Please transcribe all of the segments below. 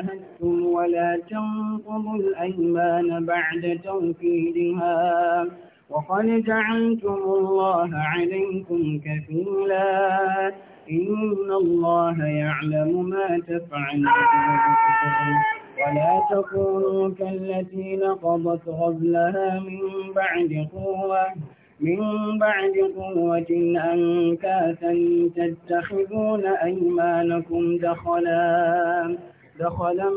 عاهدتم ولا تنقضوا الأيمان بعد توكيدها وقد جعلتم الله عليكم كفيلا إن الله يعلم ما تفعلون ولا تكونوا كالتي نقضت غزلها من بعد قوة من بعد قوة أنكاثا تتخذون أيمانكم دخلاً دخلا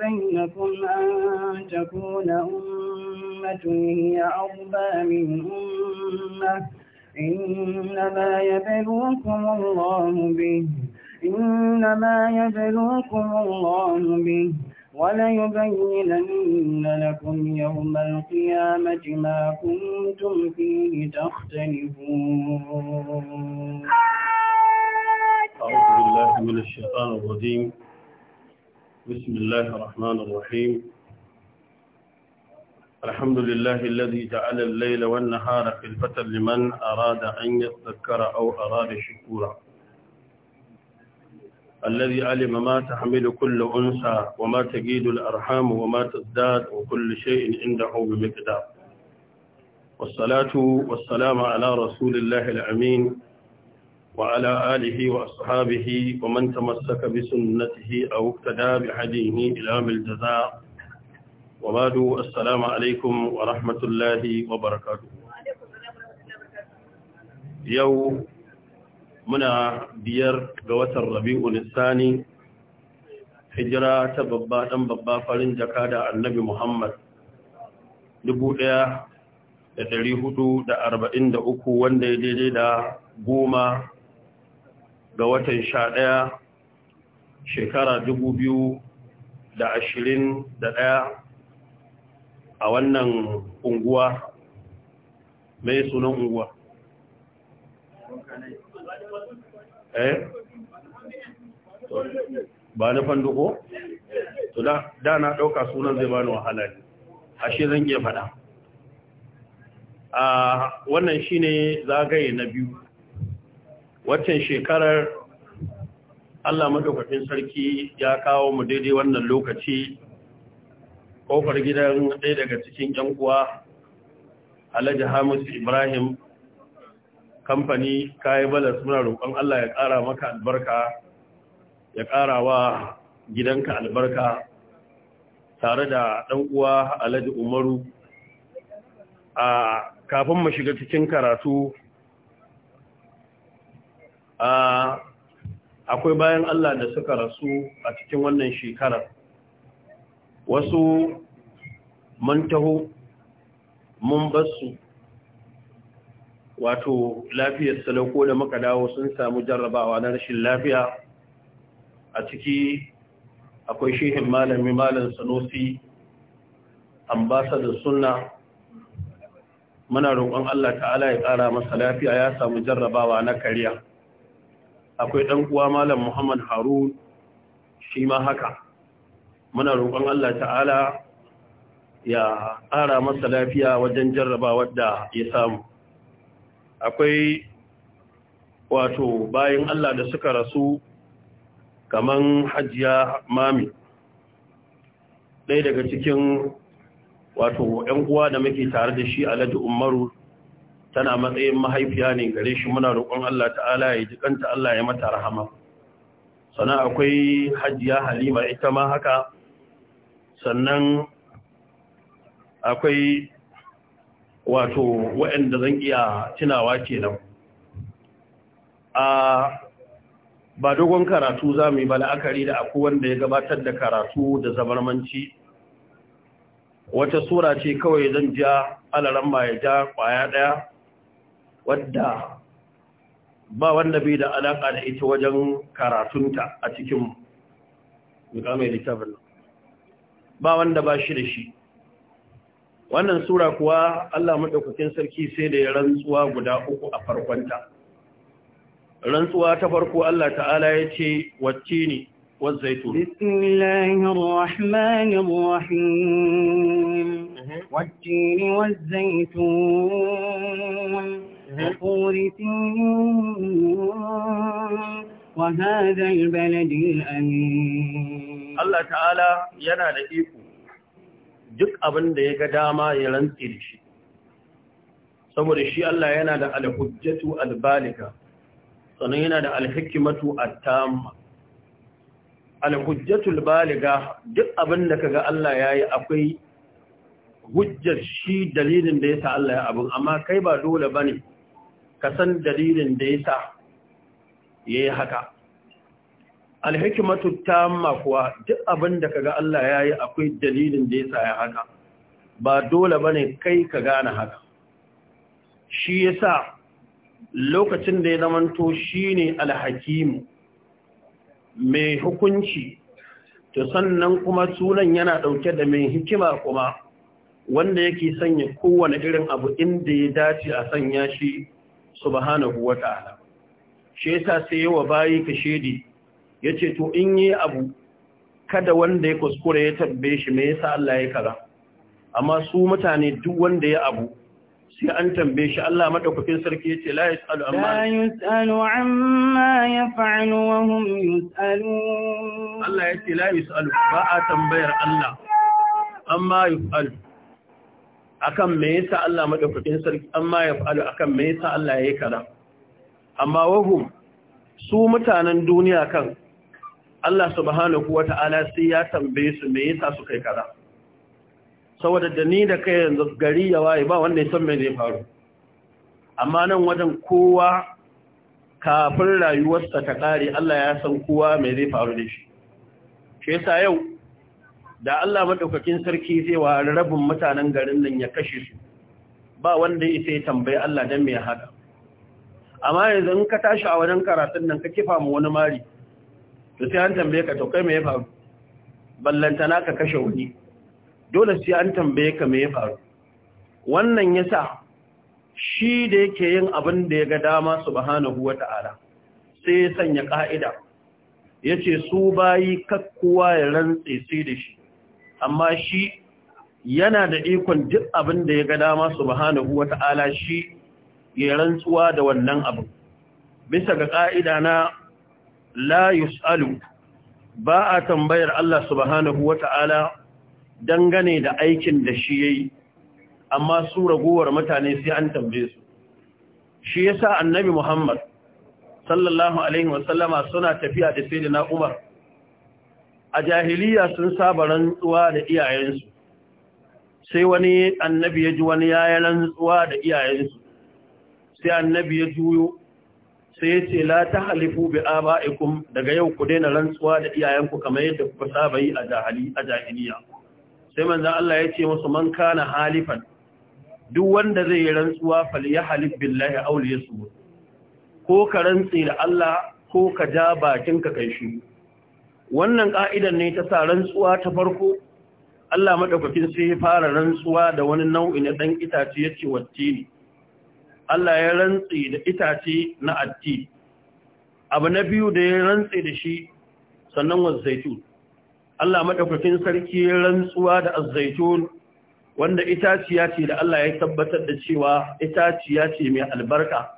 بينكم أن تكون أمة هي أربى من أمة إنما يبلوكم الله به إنما يبلوكم الله به وليبينن لكم يوم القيامة ما كنتم فيه تختلفون أعوذ بالله من الشيطان الرجيم بسم الله الرحمن الرحيم الحمد لله الذي جعل الليل والنهار خلفة لمن أراد أن يذكر أو أراد شكورا الذي علم ما تحمل كل أنثى وما تجيد الأرحام وما تزداد وكل شيء عنده بمقدار والصلاة والسلام على رسول الله الأمين وعلى آله وأصحابه ومن تمسك بسنته أو اقتدى بحديه إلى الجزاء وبعد السلام عليكم ورحمة الله وبركاته يوم muna biyar ga watan rabi'u lissani hijira ta babba ɗan babba farin jaka da annabi muhammad uku, wanda ya daidai da goma ga watan sha ɗaya shekara dubu biyu da ashirin da ɗaya a wannan unguwa mai sunan unguwa eh ba ni fanduko to da na ɗauka sunan zai bani wahala ne ashe zan iya faɗa a ah, wannan shine zagaye na biyu waccan shekarar Allah madaukakin sarki ya kawo mu daidai wannan lokaci kofar gidan ɗaya daga cikin ‘yan uwa Alhaji Hamisu Ibrahim kamfani kayi bala suna roƙon Allah ya ƙara maka albarka ya ƙara wa gidanka albarka tare da ɗan uwa Alhaji Umaru a kafin mu shiga cikin karatu akwai bayan Allah da suka rasu a cikin wannan shekarar wasu mun taho mun basu wato lafiyar salako da muka dawo sun samu jarrabawa na rashin lafiya a ciki akwai shehin malami malam sanusi ambasadar sunna muna roƙon Allah ta'ala ya ƙara masa lafiya ya samu jarrabawa na kariya akwai ɗan uwa malam muhammad harun shi ma haka muna roƙon allah ta'ala ya ƙara masa lafiya wajen jarrabawar da ya samu akwai wato bayan allah da suka rasu kaman hajiya mami ɗaya daga cikin wato ‘yan uwa da muke tare da shi alhaji umaru tana matsayin mahaifiya ne gare shi muna roƙon Allah ta'ala ya jikanta Allah ya mata rahama Sannan akwai hajiya halima ita ma haka sannan akwai wato waɗanda zan iya tunawa kenan a ba dogon karatu za mu yi ba la'akari da akwai wanda ya gabatar da karatu da zamarmanci wata sura ce kawai zan ja alaran ya ja kwaya ɗaya wadda ba wanda bai da alaƙa da ita wajen karatunta a cikin mukamai littafin ba wanda ba shi da shi wannan sura kuwa Allah maɗaukakin sarki sai da ya rantsuwa guda uku a farkonta rantsuwa ta farko Allah ta'ala ya ce wacce ne والزيتون بسم الله wacce ne والتين zaitun. وطور سينون وهذا البلد الأمين الله تعالى ينا لإيكو duk abin da ya ga dama ya rantsi da shi saboda shi Allah yana da alhujjatu albaliga sannan yana da alhikimatu attamma alhujjatu albaliga duk abin da kaga Allah yayi akwai hujjar shi dalilin da yasa Allah ya abin amma kai ba dole bane ka san dalilin da yasa yi haka alhikmatu tamma kuwa duk abin da kaga Allah ya yi akwai dalilin da yasa ya haka ba dole bane kai ka gane haka shi yasa lokacin da ya zamanto shine alhakimu mai hukunci to sannan kuma sunan yana ɗauke da mai hikima kuma wanda yake sanya kowane irin abu inda ya dace a sanya shi subhanahu wa ta'ala shi yasa sai yawa bayi ka shedi yace to in yi abu kada wanda ya kuskure ya tabbe shi me yasa Allah ya kaza amma su mutane duk wanda ya abu sai an tambaye shi Allah madaukakin sarki yace la yasalu amma la yasalu amma yaf'alu wa hum yusalun Allah yace la yasalu ba a tambayar Allah amma yusalu akan me yasa Allah madaukakin sarki amma ya fa'alu akan me yasa Allah yayi kaza amma wahum su mutanen duniya kan Allah subhanahu wata'ala sai ya tambaye su me yasa su kai kaza saboda da ni da kai yanzu gari ya waye ba wanda ya san me zai faru amma nan wajen kowa kafin rayuwarsa ta kare Allah ya san kowa me zai faru da shi shi yasa yau da Allah madaukakin sarki zai wa rabin mutanen garin nan ya kashe su ba wanda ita ya tambayi Allah dan me ya hada amma yanzu in ka tashi a wajen karatun nan ka kifa mu wani mari to sai an tambaye ka to kai me ya faru ballantana ka kashe wani dole sai an tambaye ka me ya faru wannan yasa shi da yake yin abin da ya ga dama subhanahu wata'ala sai ya sanya ka'ida yace su bayi kakkuwa ya rantse sai da shi amma shi yana da ikon duk abin da ya ga dama subhanahu wata'ala shi ya rantsuwa da wannan abin bisa ga ƙa'ida na la yus'alu ba a tambayar Allah subhanahu wata'ala dangane da aikin da shi yayi amma su ragowar mutane sai an tambaye su shi yasa annabi Muhammad sallallahu alaihi wasallama suna tafiya da sayyidina Umar a jahiliya sun saba rantsuwa da iyayensu sai wani annabi ya ji wani yi rantsuwa da iyayensu sai annabi ya juyo sai ya ce la ta halifu bi aba'ikum daga yau ku daina rantsuwa da iyayenku kamar yadda kuka saba yi a jahili a jahiliya sai manzon Allah ya ce musu man kana halifan duk wanda zai yi rantsuwa ya falyahlif billahi aw liyasmut ko ka rantsi da Allah ko ka ja bakinka kai shi wannan ƙa'idan ne ta sa rantsuwa ta farko Allah maɗaukakin sai ya fara rantsuwa da wani nau'i na ɗan itace ya ce wacce ne Allah ya rantsi da itace na addi abu na biyu da ya rantsi da shi sannan wazzaitun Allah maɗaukakin sarki ya rantsuwa da azzaitun wanda itaciya ce da Allah ya tabbatar da cewa itaciya ce mai albarka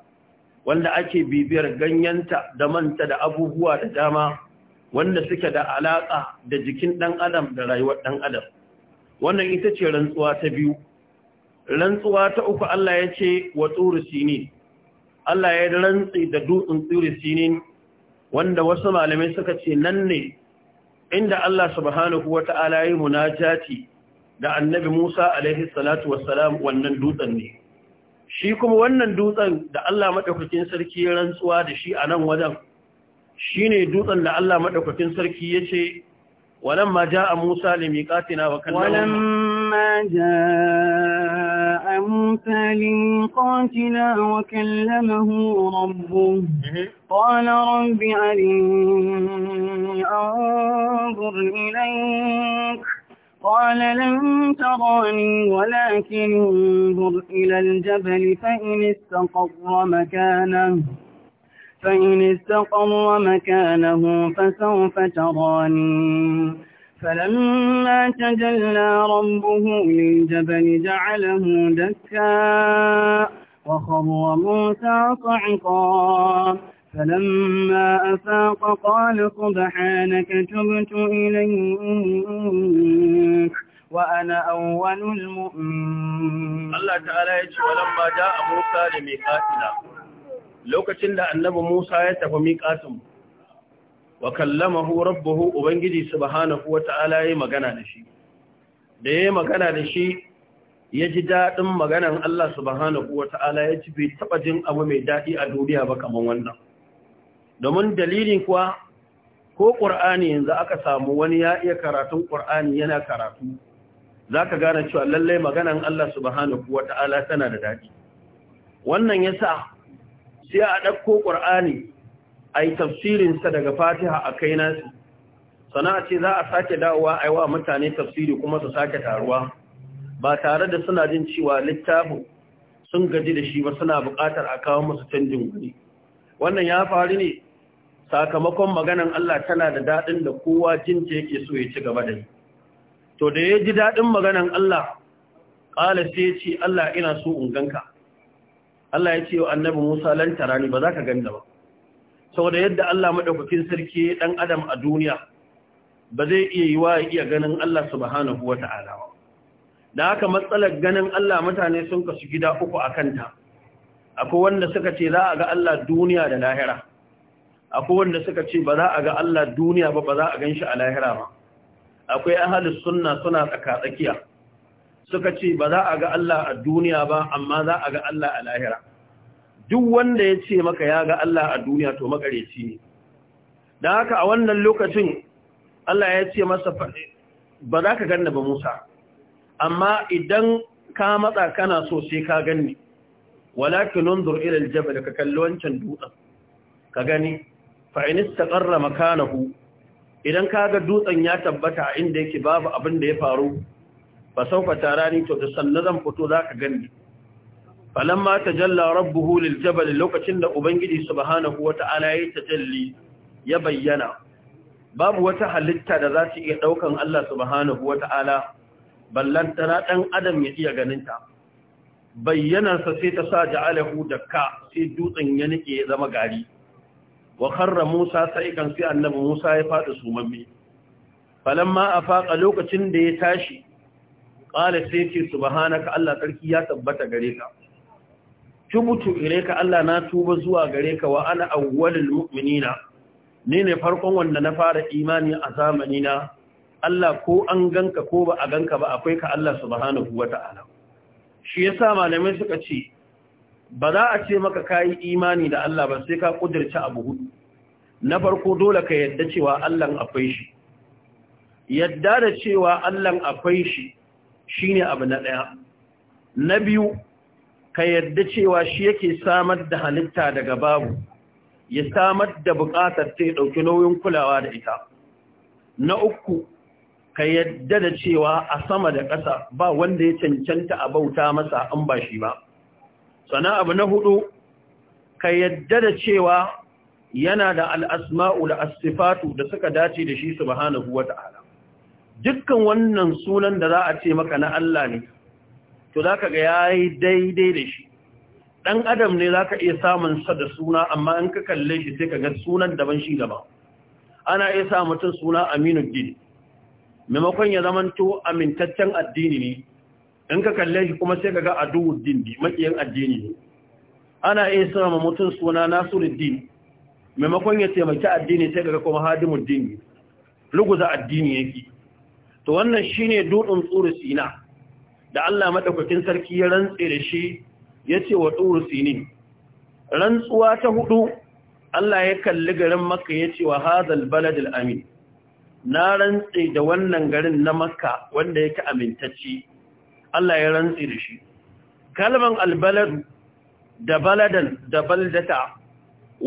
wanda ake bibiyar ganyenta da manta da abubuwa da dama wanda suke da alaƙa da jikin ɗan adam da rayuwar ɗan adam wannan ita ce rantsuwa ta biyu rantsuwa ta uku Allah ya ce wa tsuri sinin Allah ya rantsi da dutsen tsuri sinin wanda wasu malamai suka ce nan ne inda Allah subhanahu wata'ala ya munajati da annabi Musa alaihi salatu wassalam wannan dutsen ne shi kuma wannan dutsen da Allah madaukakin sarki ya rantsuwa da shi a nan wajen Shi ne dutsen da Allah madaukakin sarki ya ce, yace walamma jaa Musa limiqatina wa kallon kallama walamma jaa Musa limiqatina wa kallamahu rabbuhu mhm. qala rabbi arini anzur ilayka قال لن تراني ولكن انظر إلى الجبل فإن استقر مكانه فإن استقر مكانه فسوف تراني فلما تجلى ربه للجبل جعله دكا وخر موسى صعقا فلما أفاق قال سبحانك تبت إليك وأنا أول المؤمنين الله تعالى يقول ولما جاء موسى لميقاتنا lokacin da annabi Musa ya tafi miƙatin wa kallamahu rabbuhu ubangiji subhanahu wata'ala yayi magana da shi da yayi magana da shi ya ji daɗin maganar Allah subhanahu wata'ala ya ci bai taɓa jin abu mai daɗi a duniya ba kaman wannan domin dalilin kuwa ko ƙur'ani yanzu aka samu wani ya iya karatun ƙur'ani yana karatu zaka gane cewa lallai maganar Allah subhanahu wata'ala tana da daɗi wannan yasa sai a ɗauko ƙur'ani a yi tafsirinsa daga fatiha a kai nasi sana ce za a sake dawowa a yi wa mutane tafsiri kuma su sake taruwa ba tare da suna jin cewa littafin sun gaji da shi ba suna buƙatar a kawo musu canjin guri wannan ya faru ne sakamakon maganan Allah tana da daɗin da kowa jinta yake so ya ci gaba da yi to da ya ji daɗin maganan Allah ƙala sai ya ce Allah ina so in ganka Allah ya ce wa annabi Musa lan tarani ba za ka da ba saboda yadda Allah madaukakin sarki dan adam a duniya ba zai iya yi wa iya ganin Allah subhanahu wata'ala ba da haka matsalar ganin Allah mutane sun kasu gida uku akan ta akwai wanda suka ce za a ga Allah duniya da lahira akwai wanda suka ce ba za a ga Allah duniya ba ba za a gan shi a lahira ba akwai ahalus sunna suna tsaka tsakiya suka ce ba za a ga Allah a duniya ba amma za a ga Allah a lahira duk wanda ya ce maka ya ga Allah a duniya to makareci ne don haka a wannan lokacin Allah ya ce masa ba za ka ganna ba Musa amma idan ka matsa kana so sai ka ganni walakin unzur ila da ka kalli wancan dutsen ka gani fa in istaqarra makanahu idan kaga dutsen ya tabbata inda yake babu abin da ya faru fa sawfa rani to da sanna zan fito zaka gani falamma tajalla rabbuhu lil lokacin da ubangiji subhanahu wata'ala ya tajalli ya bayyana babu wata halitta da za ta iya daukan Allah subhanahu wata'ala tana dan adam ya iya ganinta Bayyanansa sai ta sa ja'alahu dakka sai dutsen ya nike ya zama gari wa kharra Musa sai kan sai annabi Musa ya fadi sumammi falamma afaqa lokacin da ya tashi ƙala sai ce subhanaka Allah sarki ya tabbata gare ka tubutu ilaika Allah na tuba zuwa gare ka wa ana awwalul mu'minina ni ne farkon wanda na fara imani a zamani na Allah ko an ganka ko ba a ganka ba akwai ka Allah subhanahu wata'ala shi yasa malamai suka ce ba za a ce maka kayi imani da Allah ba sai ka kudirce abu hudu na farko dole ka yadda cewa Allah akwai shi yadda da cewa Allah akwai shi Shi ne abu na ɗaya na biyu ka yarda cewa shi yake samar da halitta daga babu ya samar da buƙatar ta ya ɗauki nauyin kulawa da ita na uku ka yarda da cewa a sama da ƙasa ba wanda ya cancanta a bauta masa an ba shi ba sana abu na hudu ka yarda da cewa yana da al'asma'u da asifatu da suka dace da shi su wa ta'ala dukkan wannan sunan da za a ce maka na Allah ne to za ka ga ya yi daidai da shi ɗan adam ne za ka iya samun sa da suna amma in ka kalle shi sai ka ga sunan daban shi daban ana iya sa mutum suna aminu gini. maimakon ya to amintaccen addini ne in ka kalle shi kuma sai ka ga aduwud dini makiyin addini ne ana iya sa ma mutum suna nasiruddin maimakon ya taimaki addini sai ka ga kuma hadimud dini luguza addini yake to wannan shine dutsen tsuru da Allah madaukakin sarki ya rantse da shi ce wa tsuru rantsuwa ta hudu Allah ya kalli garin Makka yace wa hadal baladil amin na rantse da wannan garin na Makka wanda yake amintacci Allah ya rantse da shi kalman albalad da baladan da baldata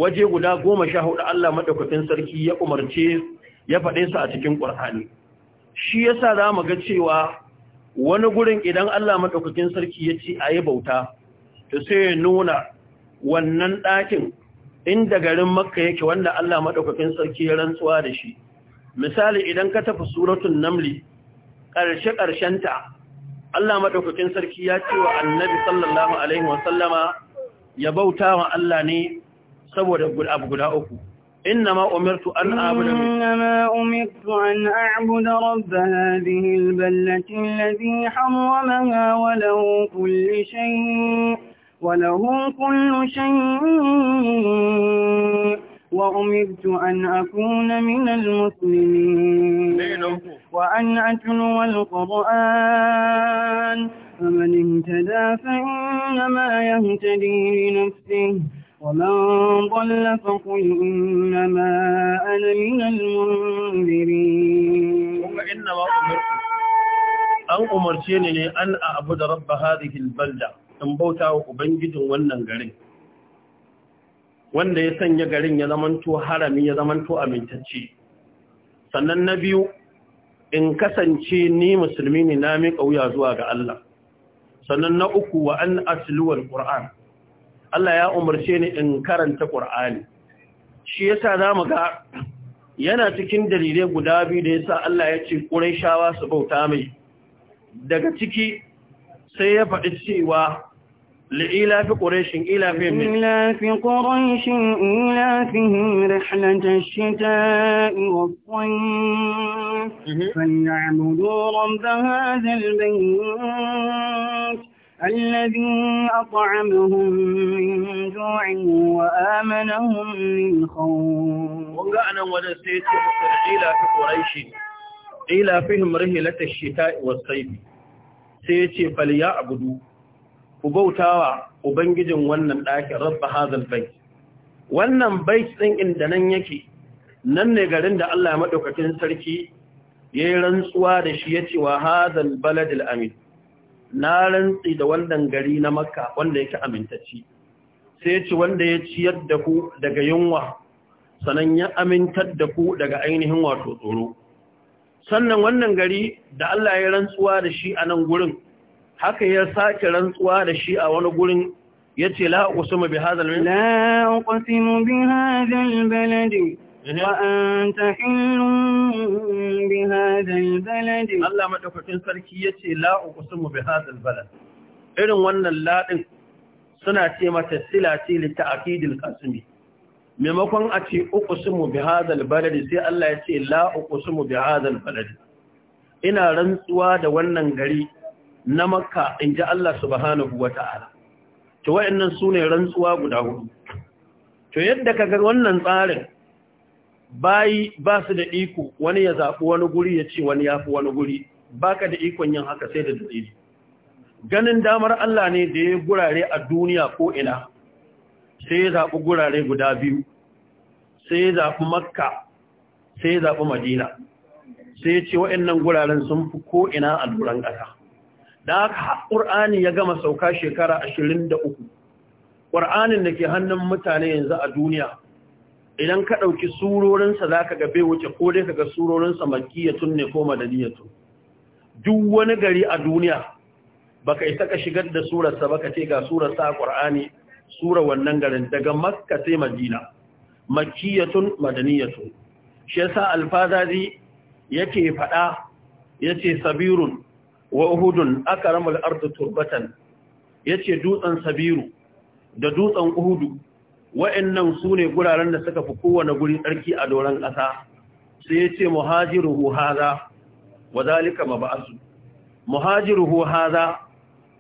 waje guda goma sha hudu Allah madaukakin sarki ya umarce ya faɗe su a cikin Ƙur'ani. shi ya sa za mu ga cewa wani gurin idan Allah maɗaukakin sarki ya ce a yi bauta to sai ya nuna wannan ɗakin inda garin makka yake wanda Allah maɗaukakin sarki ya rantsuwa da shi misali idan ka tafi suratun namli ƙarshe ta, Allah maɗaukakin sarki ya ce wa annabi sallallahu alaihi wasallama ya bauta wa Allah ne saboda abu guda uku إنما أمرت أن أعبد إنما أمرت أن أعبد رب هذه البلة الذي حرمها وله كل شيء وله كل شيء وأمرت أن أكون من المسلمين وأن أتلو القرآن فمن اهتدى فإنما يهتدي لنفسه ومن ضل فقل إنما أنا من المنذرين ثم إنما أمرت أن أمرتني أن أعبد رب هذه البلدة in bauta wa Ubangijin wannan garin, wanda ya sanya garin ya zamanto harami ya zamanto amintacce. Sannan na biyu, in kasance ni musulmi ne na mika wuya zuwa ga Allah. Sannan na uku wa an asiluwar Ƙur'an, Allah ya umarce ni in karanta Qur'ani shi yasa zamu ga yana cikin dalilai guda biyu da yasa Allah ya ce Qurayshawa su bauta mai daga ciki sai ya faɗi cewa لإلاف قريش إلافهم إلاف قريش إلافهم رحلة الشتاء والصيف فليعبدوا رب هذا البيت الذي أطعمهم من جوع وآمنهم من خوف وقعنا ونسيت إلى في قريش إلى فهم رهلة الشتاء والصيف سيتي فليعبدوا وبوتاوا وبنجد ونن لكن رب هذا البيت wannan bait ɗin inda nan yake nan ne garin da Allah maɗaukakin sarki ya yi rantsuwa da shi ya ce wa hadal baladil amin na rantsi da wannan gari na makka wanda yake amintacci sai ci wanda ya ciyar da ku daga yunwa sannan ya amintar da ku daga ainihin wato tsoro sannan wannan gari da Allah ya rantsuwa da shi a nan gurin haka ya sake rantsuwa da shi a wani gurin ya la uqsimu bi hadha al-balad la uqsimu bi hadha al-balad Allah حل sarki ya ce مدفعين سركية لا أقسم بهذا البلد Irin wannan laɗin suna ce mata sila ce litta'akidil kasumi. maimakon a ce uqsimu bi hadal baladi sai Allah ya ce la uqsimu bi hadal baladi ina rantsuwa da wannan gari na makka ji Allah subhanahu wata'ala to su ne rantsuwa guda hudu to yadda ka ga wannan tsarin bayi ba su da iko wani ya zaɓi wani guri ya ce wani ya fi wani guri Ba ka da ikon yin haka sai da dalili ganin damar Allah ne da ya gurare a duniya ko ina sai ya zaɓi gurare guda biyu sai ya zaɓi makka sai ya zaɓi madina sai ya ce waɗannan guraren sun fi ko ina a duran ƙasa da haka ƙur'ani ya gama sauka shekara ashirin da uku. ƙur'anin da ke hannun mutane yanzu a duniya idan ka ɗauki surorinsa za ka gabe wuce ko dai ka ga surorinsa makiyatun ne ko madaniyatun duk wani gari a duniya ba baka isa ka shigar da surarsa baka ce ga surarsa a ƙwar'ani sura wannan garin daga makka sai madina makiyatun madaniyatun shi sa alfazari yake faɗa ce sabirun wa uhudun aka ramar arzikin turbatan ya ce dutsen sabiru da dutsen uhudu wa'annan su ne guraren da suka fi kowane guri tsarki a doron ƙasa sai ya ce muhajiruhu haza wa zalika Muhajiru muhajiruhu haza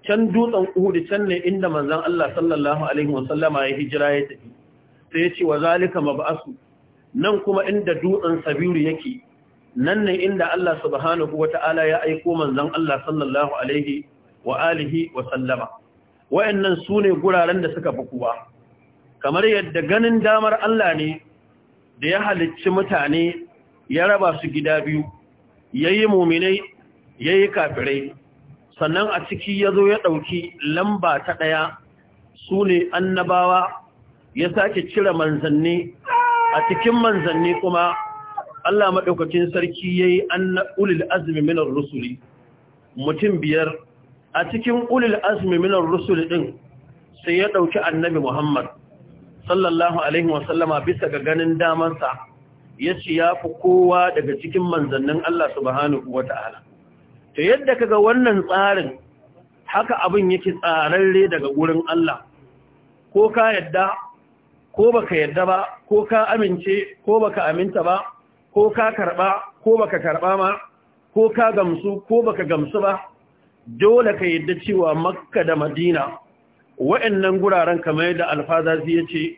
can dutsen uhud can ne inda manzan Allah sallallahu alaihi wasallama ya hijira ya tafi sai ya ce wa zalika ba’asu nan kuma inda dutsen sabiru yake nan ne inda Allah subhanahu wata'ala ya aiko manzan Allah sallallahu alaihi wa’alihi alihi wa sallama su sune guraren da suka fi kuwa kamar yadda ganin damar Allah ne da ya halicci mutane ya raba su gida biyu ya yi muminai ya yi kafirai sannan a ciki ya zo ya ɗauki lamba ta ɗaya su ne annabawa ya sake cire manzanni a cikin manzanni kuma Allah maɗaukacin sarki ya yi ulil azumi minar rusuli mutum biyar a cikin ulil azumi minar rusuli ɗin sai ya ɗauki annabi Muhammad sallallahu alaihi wasallama bisa ga ganin damansa ya ci ya fi kowa daga cikin manzannin Allah subhanahu wa ta'ala. Ta yadda kaga wannan tsarin haka abin yake tsararre daga wurin Allah, ko ka yadda, ko baka yadda ba, ko ka amince, ko baka aminta ba, ko ka karɓa, ko baka karɓa ma, ko ka gamsu, ko baka gamsu ba, dole ka yadda cewa Makka da Madina Wa'yannan guraren kamar yadda alfazazi ya ce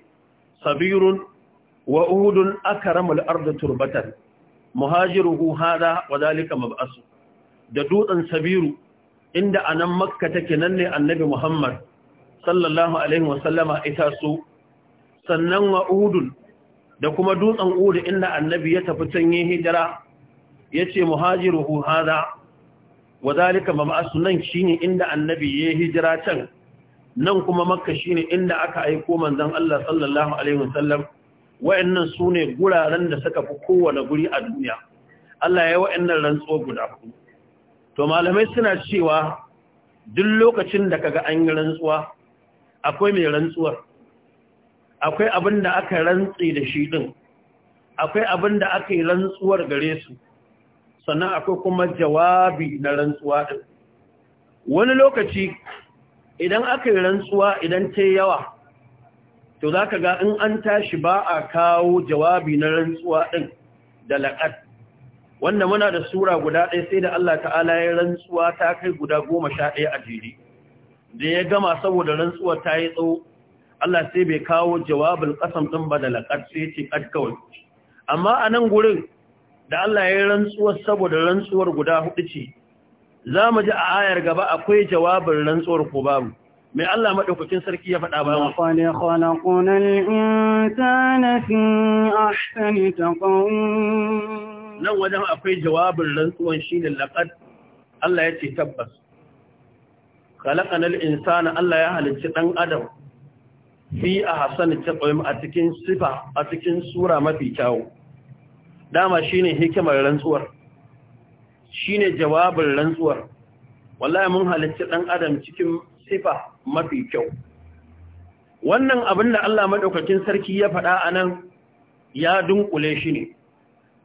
sabirun wa uhudun akaramul ardu turbatan muhajiruhu hada wa zalika mab'asu da dutsen sabiru inda anan makka take nan ne annabi muhammad sallallahu alaihi wasallama ita su sannan wa uhudun da kuma dutsen uhud inda annabi ya tafi can yi hijira yace muhajiruhu hada wa zalika mab'asu nan shine inda annabi ya hijira can nan kuma makka shine inda aka aiko manzon Allah sallallahu alaihi wasallam wayannan sune guraren da suka fi kowane guri a duniya Allah ya wayannan rantsuwa guda ku. to malamai suna cewa duk lokacin da kaga an yi rantsuwa akwai mai rantsuwar akwai abin da aka rantsi da shi din akwai abin da aka yi rantsuwar gare su sannan akwai kuma jawabi na rantsuwa din wani lokaci idan aka yi rantsuwa idan ta yi yawa to za ka ga in an tashi ba a kawo jawabi na rantsuwa ɗin da laƙar wanda muna da sura guda ɗaya sai da Allah ta'ala ya rantsuwa ta kai guda goma sha ɗaya a jiri da ya gama saboda rantsuwa ta yi tsawo Allah sai bai kawo jawabin ƙasam ɗin ba da laƙar sai ce ƙad kawai amma a nan gurin da Allah ya yi rantsuwa saboda rantsuwar guda hudu ce za mu ji a ayar gaba akwai jawabin rantsuwar ko babu mai Allah maɗaukakin sarki ya faɗa bayan wasu ne kwanakunan insana fi ahsani taqawun nan wajen akwai jawabin rantsuwan shine laƙad Allah ya ce tabbas kalakanar insana Allah ya halicci ɗan adam fi ta taqawun a cikin sifa a cikin sura mafi kyawu dama shine hikimar rantsuwar Shi ne jawabin rantsuwar wallahi mun halitta ɗan adam cikin sifa mafi kyau wannan abin da Allah maɗaukacin sarki ya faɗa a nan ya dunkule shi ne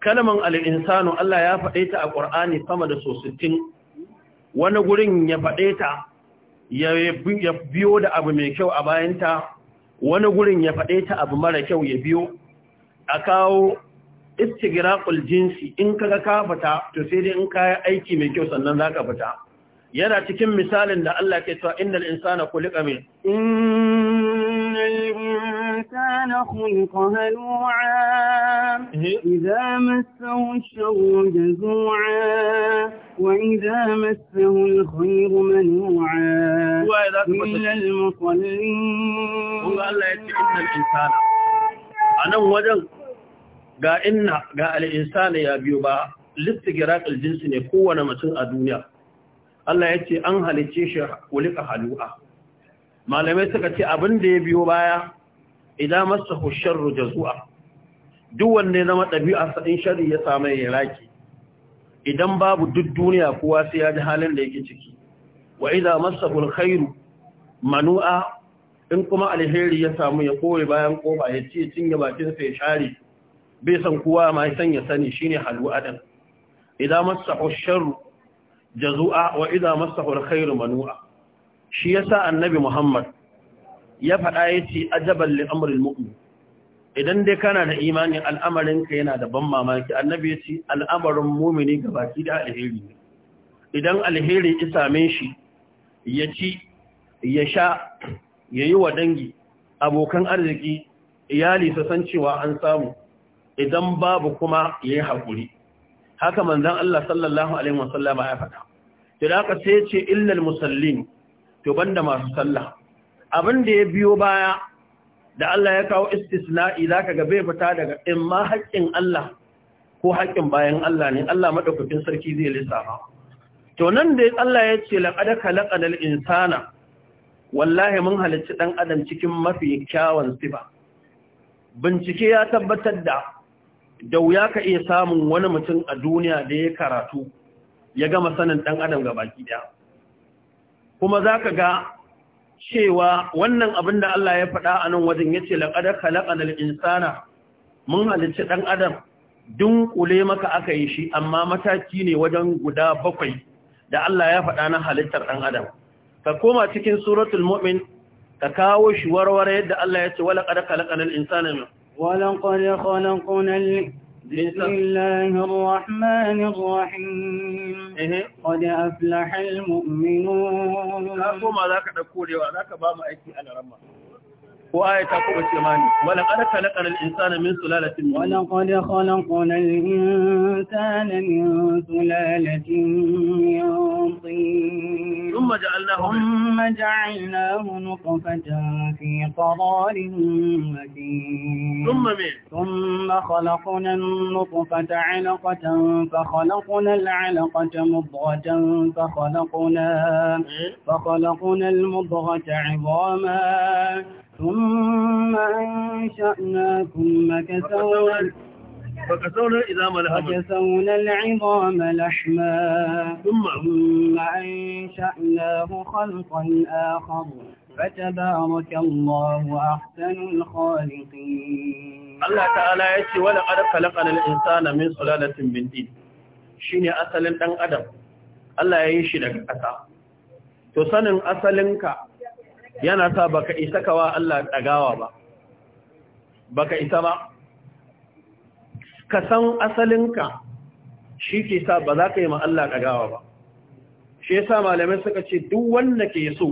kalman al-insanu Allah ya faɗe ta a ƙwar'ani sama da so 60 wani gurin ya faɗe ta ya biyo da abu mai kyau a bayanta wani gurin ya faɗe ta abu mara kyau ya biyo a kawo istighraqul jinsi in kaga ka fita to sai dai in ka aiki mai kyau sannan zaka fita yana cikin misalin da Allah ke cewa innal insana khuliqa min كان خلقها لوعا إذا مسه الشر جزوعا وإذا مسه الخير منوعا إلا المصلين الله يتعلم الإنسان أنا wajen? ga inna ga insani ya biyo ba al jinsi ne kowane mutum a duniya Allah ya ce an halice shi kulika halu'a malamai suka ce abin da ya biyo baya idan masa hushar zuwa. duk wanne zama ɗabi'a sa'in shari ya samu ya raki idan babu duk duniya kowa sai ya ji halin da yake ciki wa idan masa hulkhairu manu'a in kuma alheri ya samu ya koyi bayan kofa ya ce cinye bakinsa ya share bai san kowa ma ya san ya sani shine halu adam idza masahu sharru jazu'a wa idza masahu alkhairu manu'a shi yasa annabi muhammad ya faɗa yace ajaban li amri almu'min idan dai kana da imani al'amarin ka yana da ban mamaki annabi yace al'amarin mu'mini ga baki da alheri idan alheri ya same shi ya ci ya sha ya yi wa dangi abokan arziki iyali su san cewa an samu idan babu kuma yayi hakuri haka manzon Allah sallallahu alaihi wasallam ya faɗa to da sai ce illal musallin to banda masu sallah abin da ya biyo baya da Allah ya kawo istisna'i zaka ga bai fita daga ma haƙƙin Allah ko haƙƙin bayan Allah ne Allah madaukakin sarki zai lissafa to nan da Allah ya ce laqad khalaqal insana wallahi mun halicci dan adam cikin mafi kyawun sifa bincike ya tabbatar da da wuya ka iya samun wani mutum a duniya da ya karatu ya gama sanin ɗan adam ga baki ɗaya kuma za ka ga cewa wannan abin da Allah ya faɗa a nan wajen ya ce laƙadar halaƙanar insana mun halicci ɗan adam dunkule maka aka yi shi amma mataki ne wajen guda bakwai da Allah ya faɗa na halittar ɗan adam ka koma cikin suratul mu'min ka kawo shi warware yadda Allah ya ce wala qad khalaqana al-insana ولقد خلقنا ال... بسم الله الرحمن الرحيم قد أفلح المؤمنون أقوم ذاك نقول وذاك بام أيتي على رمضان وآية تقوى الشمال ولقد خلقنا الإنسان من سلالة من ولقد خلقنا الإنسان من سلالة من طين ثم جعلناه ثم جعلناه نطفة في قرار مكين ثم مين ثم خلقنا النطفة علقة فخلقنا العلقة مضغة فخلقنا فخلقنا المضغة عظاما ثم أنشأناكم مكسورا فكسونا العظام لحما ثم أنشأناه خلقا آخر فتبارك الله أحسن الخالقين Allah ta'ala ya ce wani adakalin anil insana min sulalatin bindi shi ne asalin ɗan adam Allah ya yi shi daga ƙasa. To sanin asalinka yana sa baka isa kawa Allah ɗagawa ba baka isa ba ka san asalinka shi ke sa ba za ka yi ma Allah ɗagawa ba shi yasa malamai suka ce duk wanda ke so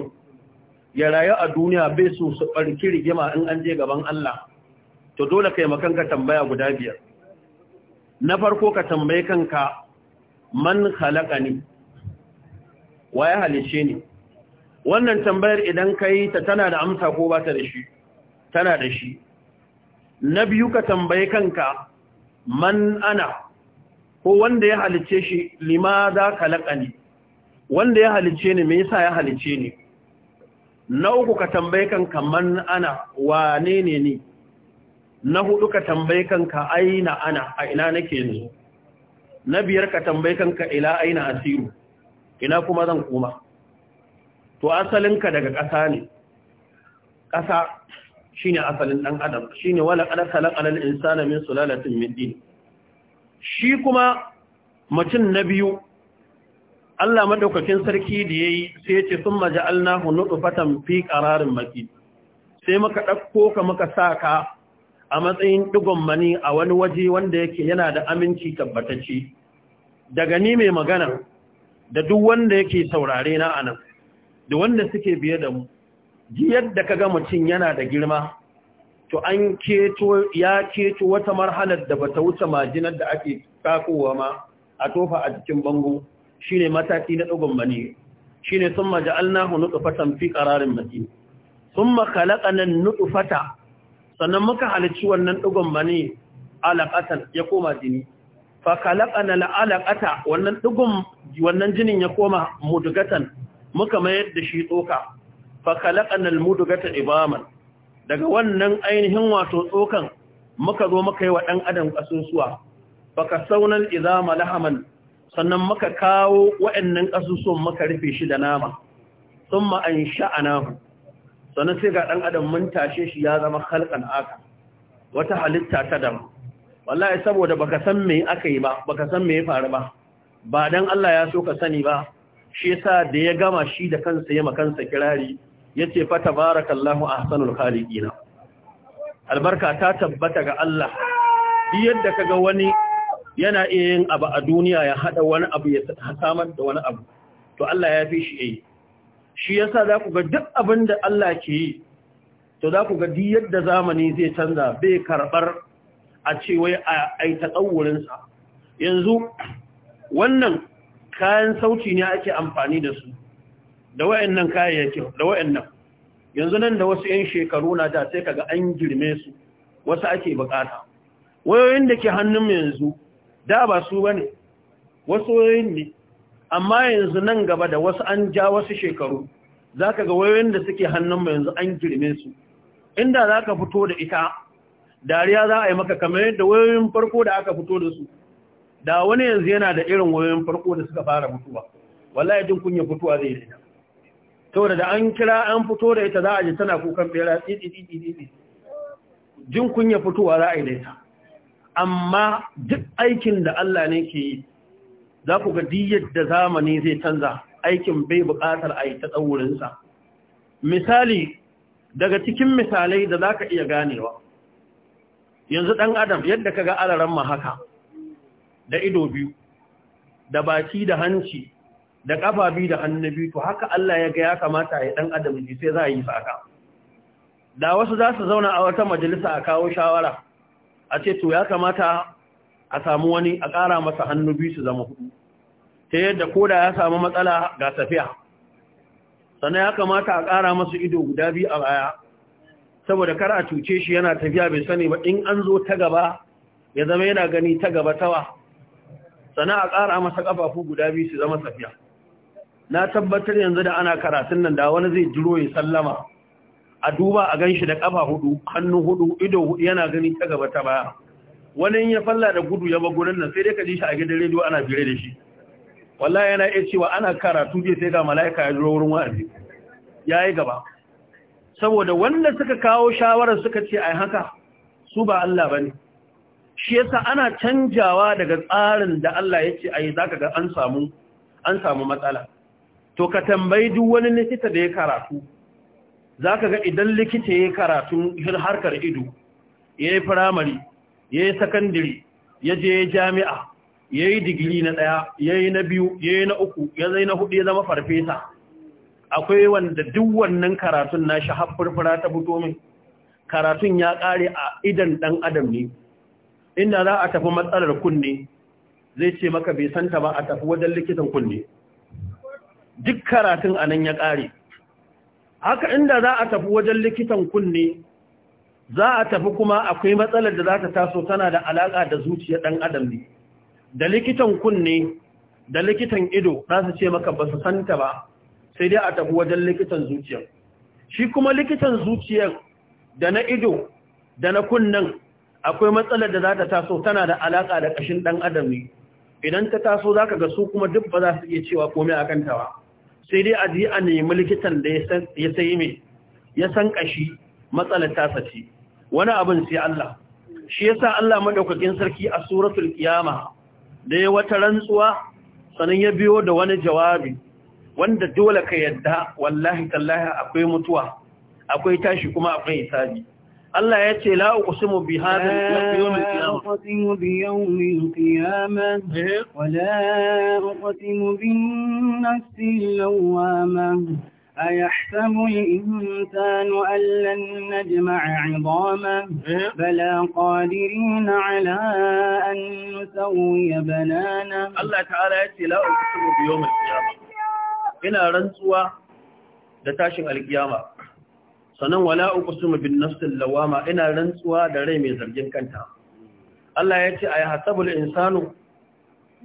ya rayu a duniya bai so su ɓarki rigima in an je gaban Allah to dole kai makanka tambaya guda biyar na farko ka tambaye kanka man halaka ne wa ya halice ne wannan tambayar idan ka yi ta tana da amsa ko ba ta da shi tana da shi na biyu ka tambaye kanka man ana ko wanda ya halice shi lima za ka laƙani wanda ya halice ni me yasa ya halice ni na uku ka tambaye kanka man ana wane ne ni na hudu ka tambaye kanka aina ana a ina nake yanzu na biyar ka tambaye kanka ila aina asiru ina kuma zan koma to asalinka daga ƙasa ne ƙasa shi ne asalin ɗan adam shi ne wala qad alal insana min sulalatin midi shi kuma mutum na biyu Allah madaukakin sarki da yayi sai ya ce al'nahu ja'alnahu nutfatan fi qararin maki sai muka dauko ka muka saka a matsayin digon mani a wani waje wanda yake yana da aminci tabbatacce daga ni mai magana da duk wanda yake saurare na anan da wanda suke biye da mu ji yadda ka ga mutum yana da girma to an keto ya keto wata marhalar da bata wuce majinar da ake kakowa ma a tofa a cikin bango shine mataki na dogon bane, shine summa ja'alnahu nutfatan fi qararin matin summa khalaqana nutfata sannan muka halicci wannan dogon bane alaqatan ya koma jini fa khalaqana alaqata wannan dogon wannan jinin ya koma mudgatan muka mayar da shi tsoka Fa fakalaqan gata ibaman daga wannan ainihin wato tsokan muka zo muka yi wa dan adam kasusuwa kasawnal izama lahaman sannan muka kawo wa'annan kasusuwan muka rufe shi da nama thumma ansha'nahu sannan sai ga dan adam mun tashe shi ya zama khalqan aka wata halitta ta dam wallahi saboda baka san me aka yi ba baka san me ya faru ba ba dan Allah ya so ka sani ba shi yasa da ya gama shi da kansa ya makansa kirari yace fa tabarakallahu ahsanul khaliqina albarka ta tabbata ga Allah bi yadda kaga wani yana yin abu a duniya ya hada wani abu ya samar da wani abu to Allah ya fi shi yi shi yasa za ku ga duk abin da Allah ke yi to za ku ga duk yadda zamani zai canza bai karbar a ce wai a ai ta yanzu wannan kayan sauti ne ake amfani da su da wayannan kayayyakin da wayannan yanzu nan da wasu 'yan shekaru na da sai kaga an girme su wasu ake bukata wayoyin da ke hannun yanzu da ba su bane wasu wayoyin ne amma yanzu nan gaba da wasu an ja wasu shekaru zaka ga wayoyin da suke hannun yanzu an girme su inda zaka fito da ita dariya za a yi maka kamar yadda wayoyin farko da aka fito da su da wani yanzu yana da irin wayoyin farko da suka fara mutuwa wallahi jin kunya fituwa zai yi to da an kira an fito da ita za a ji tana kukan bera tsitsi jin kunya fituwa za a yi da amma duk aikin da Allah ne ke yi za ku ga diyyar da zamani zai canza aikin bai buƙatar a yi ta tsawurinsa misali daga cikin misalai da za ka iya ganewa yanzu ɗan adam yadda ka ga alaran ma haka da ido biyu da baki da hanci da ƙafa biyu da hannu biyu to haka Allah ya ga ya kamata ya dan adam ji sai za a yi saka da wasu za su zauna a wata majalisa a kawo shawara a ce to ya kamata a samu wani a kara masa hannu biyu su zama hudu ta yadda koda ya samu matsala ga tafiya sannan ya kamata a kara masu ido guda biyu a baya saboda kar a cuce shi yana tafiya bai sani ba in an zo ta gaba ya zama yana gani ta gaba tawa sana a ƙara masa ƙafafu guda biyu su zama safiya na tabbatar yanzu da ana karatun nan da wani zai jiro ya sallama a duba a ganshi da ƙafa hudu hannu hudu ido hudu yana gani ta gaba ta baya wani ya falla da gudu ya bagunan nan sai dai ka ji shi a gidan rediyo ana fire da shi wallahi yana iya cewa ana karatu je sai ga mala'ika ya jiro wurin wa'azi yayi gaba saboda wanda suka kawo shawara suka ce ai haka su ba Allah bane shi yasa ana canjawa daga tsarin da Allah ya ce a zaka za ka ga an samu matsala to ka tambayi duk wani likita da ya karatu zaka ga idan likita ya karatu harkar ido ya yi yayi ya yi ya je jami'a yayi yi digiri na ɗaya ya yi na biyu ya na uku ya zai na hudu ya zama farfesa akwai wanda duk wannan karatun nashi haffurfura ta fito min karatun ya ƙare a idan dan adam ne inda za a tafi matsalar kunne zai ce maka bai santa ba a tafi wajen likitan kunne duk karatun a nan ya ƙare haka inda za a tafi wajen likitan kunne za a tafi kuma akwai matsalar da za ta taso tana da alaƙa da zuciya ɗan adam ne da likitan kunne da likitan ido za su ce maka ba su santa ba sai dai a tafi wajen likitan zuciyar shi kuma likitan zuciyar da na ido da na kunnen akwai matsalar da za ta taso tana da alaƙa da ƙashin ɗan adam ne idan ta taso za ka ga su kuma duk ba za su iya cewa komai a kanta ba sai dai a ji a nemi likitan da ya sayi mai ya san ƙashi matsalar ta sace. wani abin sai Allah shi ya sa Allah maɗaukakin sarki a suratul kiyama da ya wata rantsuwa sanin ya biyo da wani jawabi wanda dole ka yadda wallahi tallahi akwai mutuwa akwai tashi kuma akwai hisabi Allah ya ce la uqsimu bi hadha al-yawm al-qiyamah la uqsimu bi yawm al أيحسب الإنسان أن لن نجمع عظامه إيه؟ بلى قادرين على أن نسوي بنانه الله تعالى يأتي لا أقسم بيوم القيامة إلى رنسوا لتاشم القيامة sannan wala uku bin nafsil lawama ina rantsuwa da rai mai zargin kanta Allah ya ce ay hasabul insanu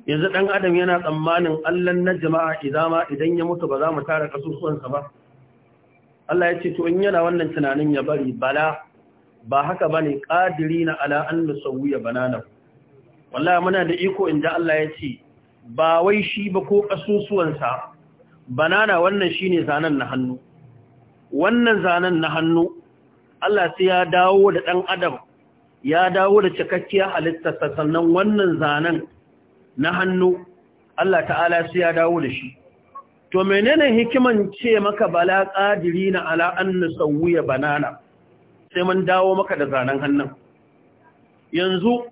yanzu ɗan adam yana tsammanin allan na jama'a idama idan ya mutu ba za mu tara kasusuwansa ba Allah ya ce to in yana wannan tunanin ya bari bala ba haka bane na ala an nusawiya banana wallahi muna da iko inda Allah ya ce ba wai shi ba ko kasusuwansa banana wannan shine zanan na hannu wannan zanen na hannu Allah sai ya dawo da ɗan adam ya dawo da cikakkiyar halittarsa sannan wannan zanen na hannu Allah ta'ala sai ya dawo da shi to menene hikiman ce maka bala qadiri na ala an nusawiya banana sai mun dawo maka da zanen hannun yanzu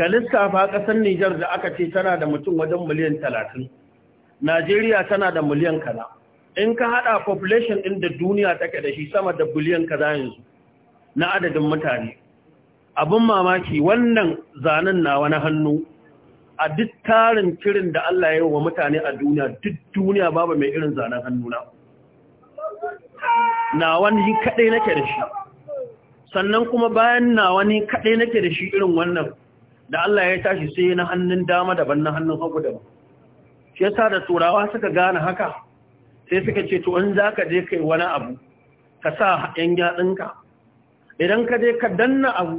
ka lissafa ƙasar Nijar da aka ce tana da mutum wajen miliyan talatin, Najeriya tana da miliyan kana. in ka hada population din da duniya take da shi sama da biliyan kaza yanzu na adadin mutane abin mamaki wannan zanen na wani hannu a duk tarin kirin da Allah ya yi wa mutane a duniya duk duniya babu mai irin zanen hannuna na wani kaɗai nake da shi sannan kuma bayan na wani kaɗai nake da shi irin wannan da Allah ya tashi sai na hannun dama daban na hannun hagu daban shi yasa da turawa suka gane haka sai suka ce to in za ka je kai wani abu ka sa yan yatsunka idan ka je ka danna abu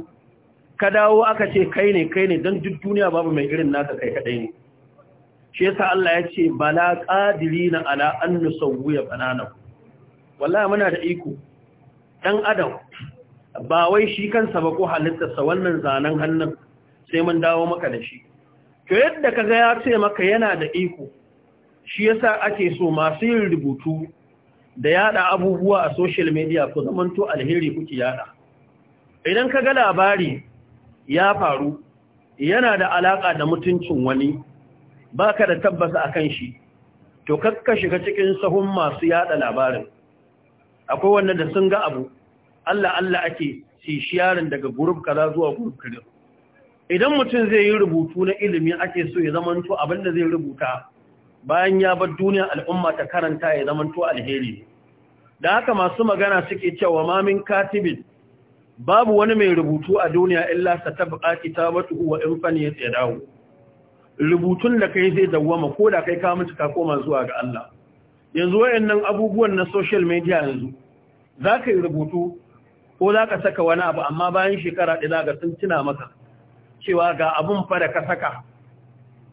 ka dawo aka ce kai ne kai ne don duk duniya babu mai irin naka kai kaɗai ne shi yasa Allah ya ce bala na ala an nusawwiya banana wallahi muna da iko dan adam ba wai shi kansa ba ko halittarsa wannan zanen hannun sai mun dawo maka da shi to yadda ga ya ce maka yana da iko shi yasa ake so masu yin rubutu da yada abubuwa a social media su zamanto alheri kuke yada idan ka ga labari ya faru yana da alaka da mutuncin wani baka da tabbasa akan shi to kakka shiga cikin sahun masu yada labarin akwai wanda da sun ga abu Allah Allah ake si shiyarin daga group kaza zuwa group kaza idan mutum zai yi rubutu na ilimi ake so ya zamanto abinda zai rubuta bayan ya bar duniya al'umma ta karanta ya zama to alheri da haka masu magana suke cewa mamin katibin babu wani mai rubutu a duniya illa sa tabqa kitabatu wa in ya yadahu rubutun da kai zai dawwama ko da kai ka mutu ka koma zuwa ga Allah yanzu nan abubuwan na social media yanzu zaka yi rubutu ko zaka saka wani abu amma bayan shekara ɗaya zaka sun tuna maka cewa ga abun fa da ka saka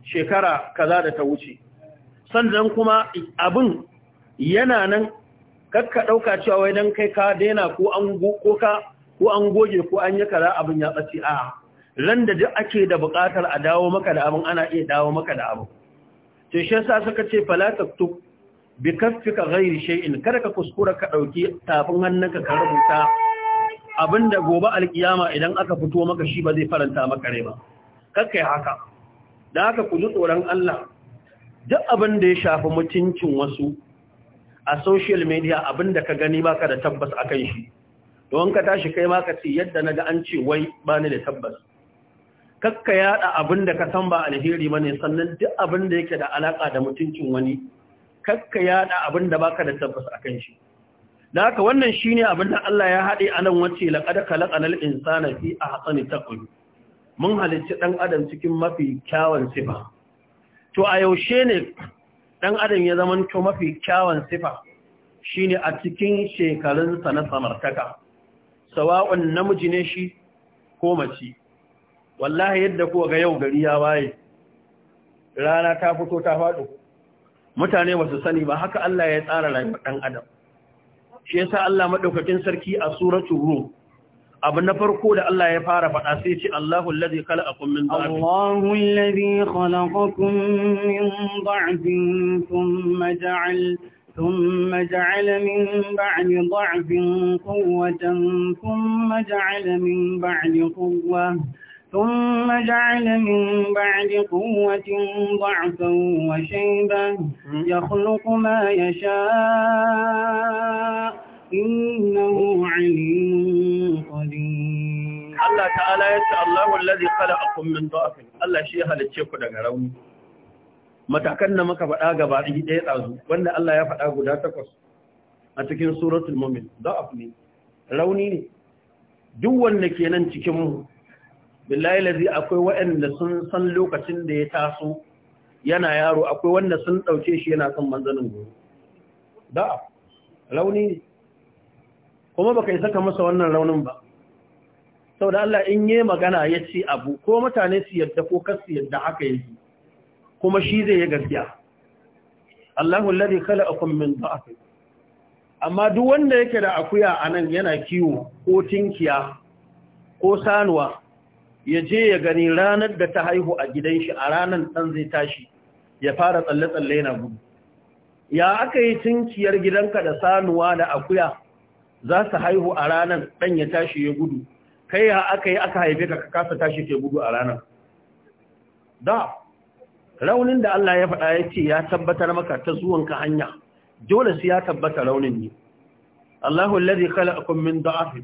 shekara kaza da ta wuce sannan kuma abin yana nan kakka ɗauka cewa wai don kai ka daina ko an ko ka ko an goge ko an yi kaza abin ya ɓace a ran da duk ake da buƙatar a dawo maka da abin ana iya dawo maka da abin to shi yasa suka ce fala taktu bi kaffika ghairi shay'in kada ka kuskura ka ɗauki tafin hannunka ka rubuta abinda gobe alkiyama idan aka fito maka shi ba zai faranta maka rai ba kakkai haka da haka ku ji tsoron Allah duk abin da ya shafi mutuncin wasu a social media abin da ka gani baka da tabbas akan shi don ka tashi kai ma ka ce yadda na ga an ce wai ba ni da tabbas kakka yada abin da ka san ba alheri bane sannan duk abin da yake da alaka da mutuncin wani kakka yada abin da baka da tabbas akan shi da haka wannan shine abin da Allah ya hade anan wace laqad khalaqal insana fi ahsani taqwim mun halicci ɗan adam cikin mafi kyawun sifa to a yaushe ne ɗan adam ya zama to mafi kyawun sifa shi ne a cikin shekarunsa na samartaka sawa'un namiji ne shi ko mace wallahi yadda kuwa ga yau gari ya waye rana ta fito ta faɗo mutane ba su sani ba haka Allah ya tsara rayuwar ɗan adam shi yasa Allah madaukakin sarki a suratul rum abu na farko da Allah ya fara faɗa sai ce Allahu allazi khalaqakum min da'fin Allahu allazi khalaqakum min da'fin thumma ja'al thumma ja'ala min ba'di da'fin quwwatan thumma ja'ala min ba'di quwwatan ثم جعل من بعد قوة ضعفا وشيبا يخلق ما يشاء إنه علم قدير الله تعالى يسأل الله الذي خلقكم من ضعف الله شيخ هل دقرون daga rauni matakan da muka faɗa gaba ɗaya ɗaya tsazu wanda Allah ya faɗa guda takwas a cikin suratul mu'min rauni ne duk wanda ke nan cikin mu billahi lazi akwai waɗanda sun san lokacin da ya taso yana yaro akwai wanda sun ɗauke shi yana son manzanin gobe da rauni kuma baka isa ka masa wannan raunin ba Sau da Allah in yi magana ya ce abu ko mutane su yadda ko kasu yadda haka yi, kuma shi zai yi gaskiya Allahu kala akwai min da'af amma duk wanda yake da akuya a nan yana kiwo ko tinkiya ko sanuwa ya je ya gani ranar da ta haihu a gidan shi a ranar ɗan zai tashi ya fara tsalle-tsalle na gudu ya aka yi tinkiyar gidanka da sanuwa da akuya za su haihu a ranar ɗan ya tashi ya gudu kai ya aka yi aka haife ka kasa tashi ke gudu a ranar da raunin da Allah ya faɗa ya ce ya tabbatar maka ta zuwanka hanya dole su ya tabbata raunin ne Allahu alladhi khalaqakum min da'af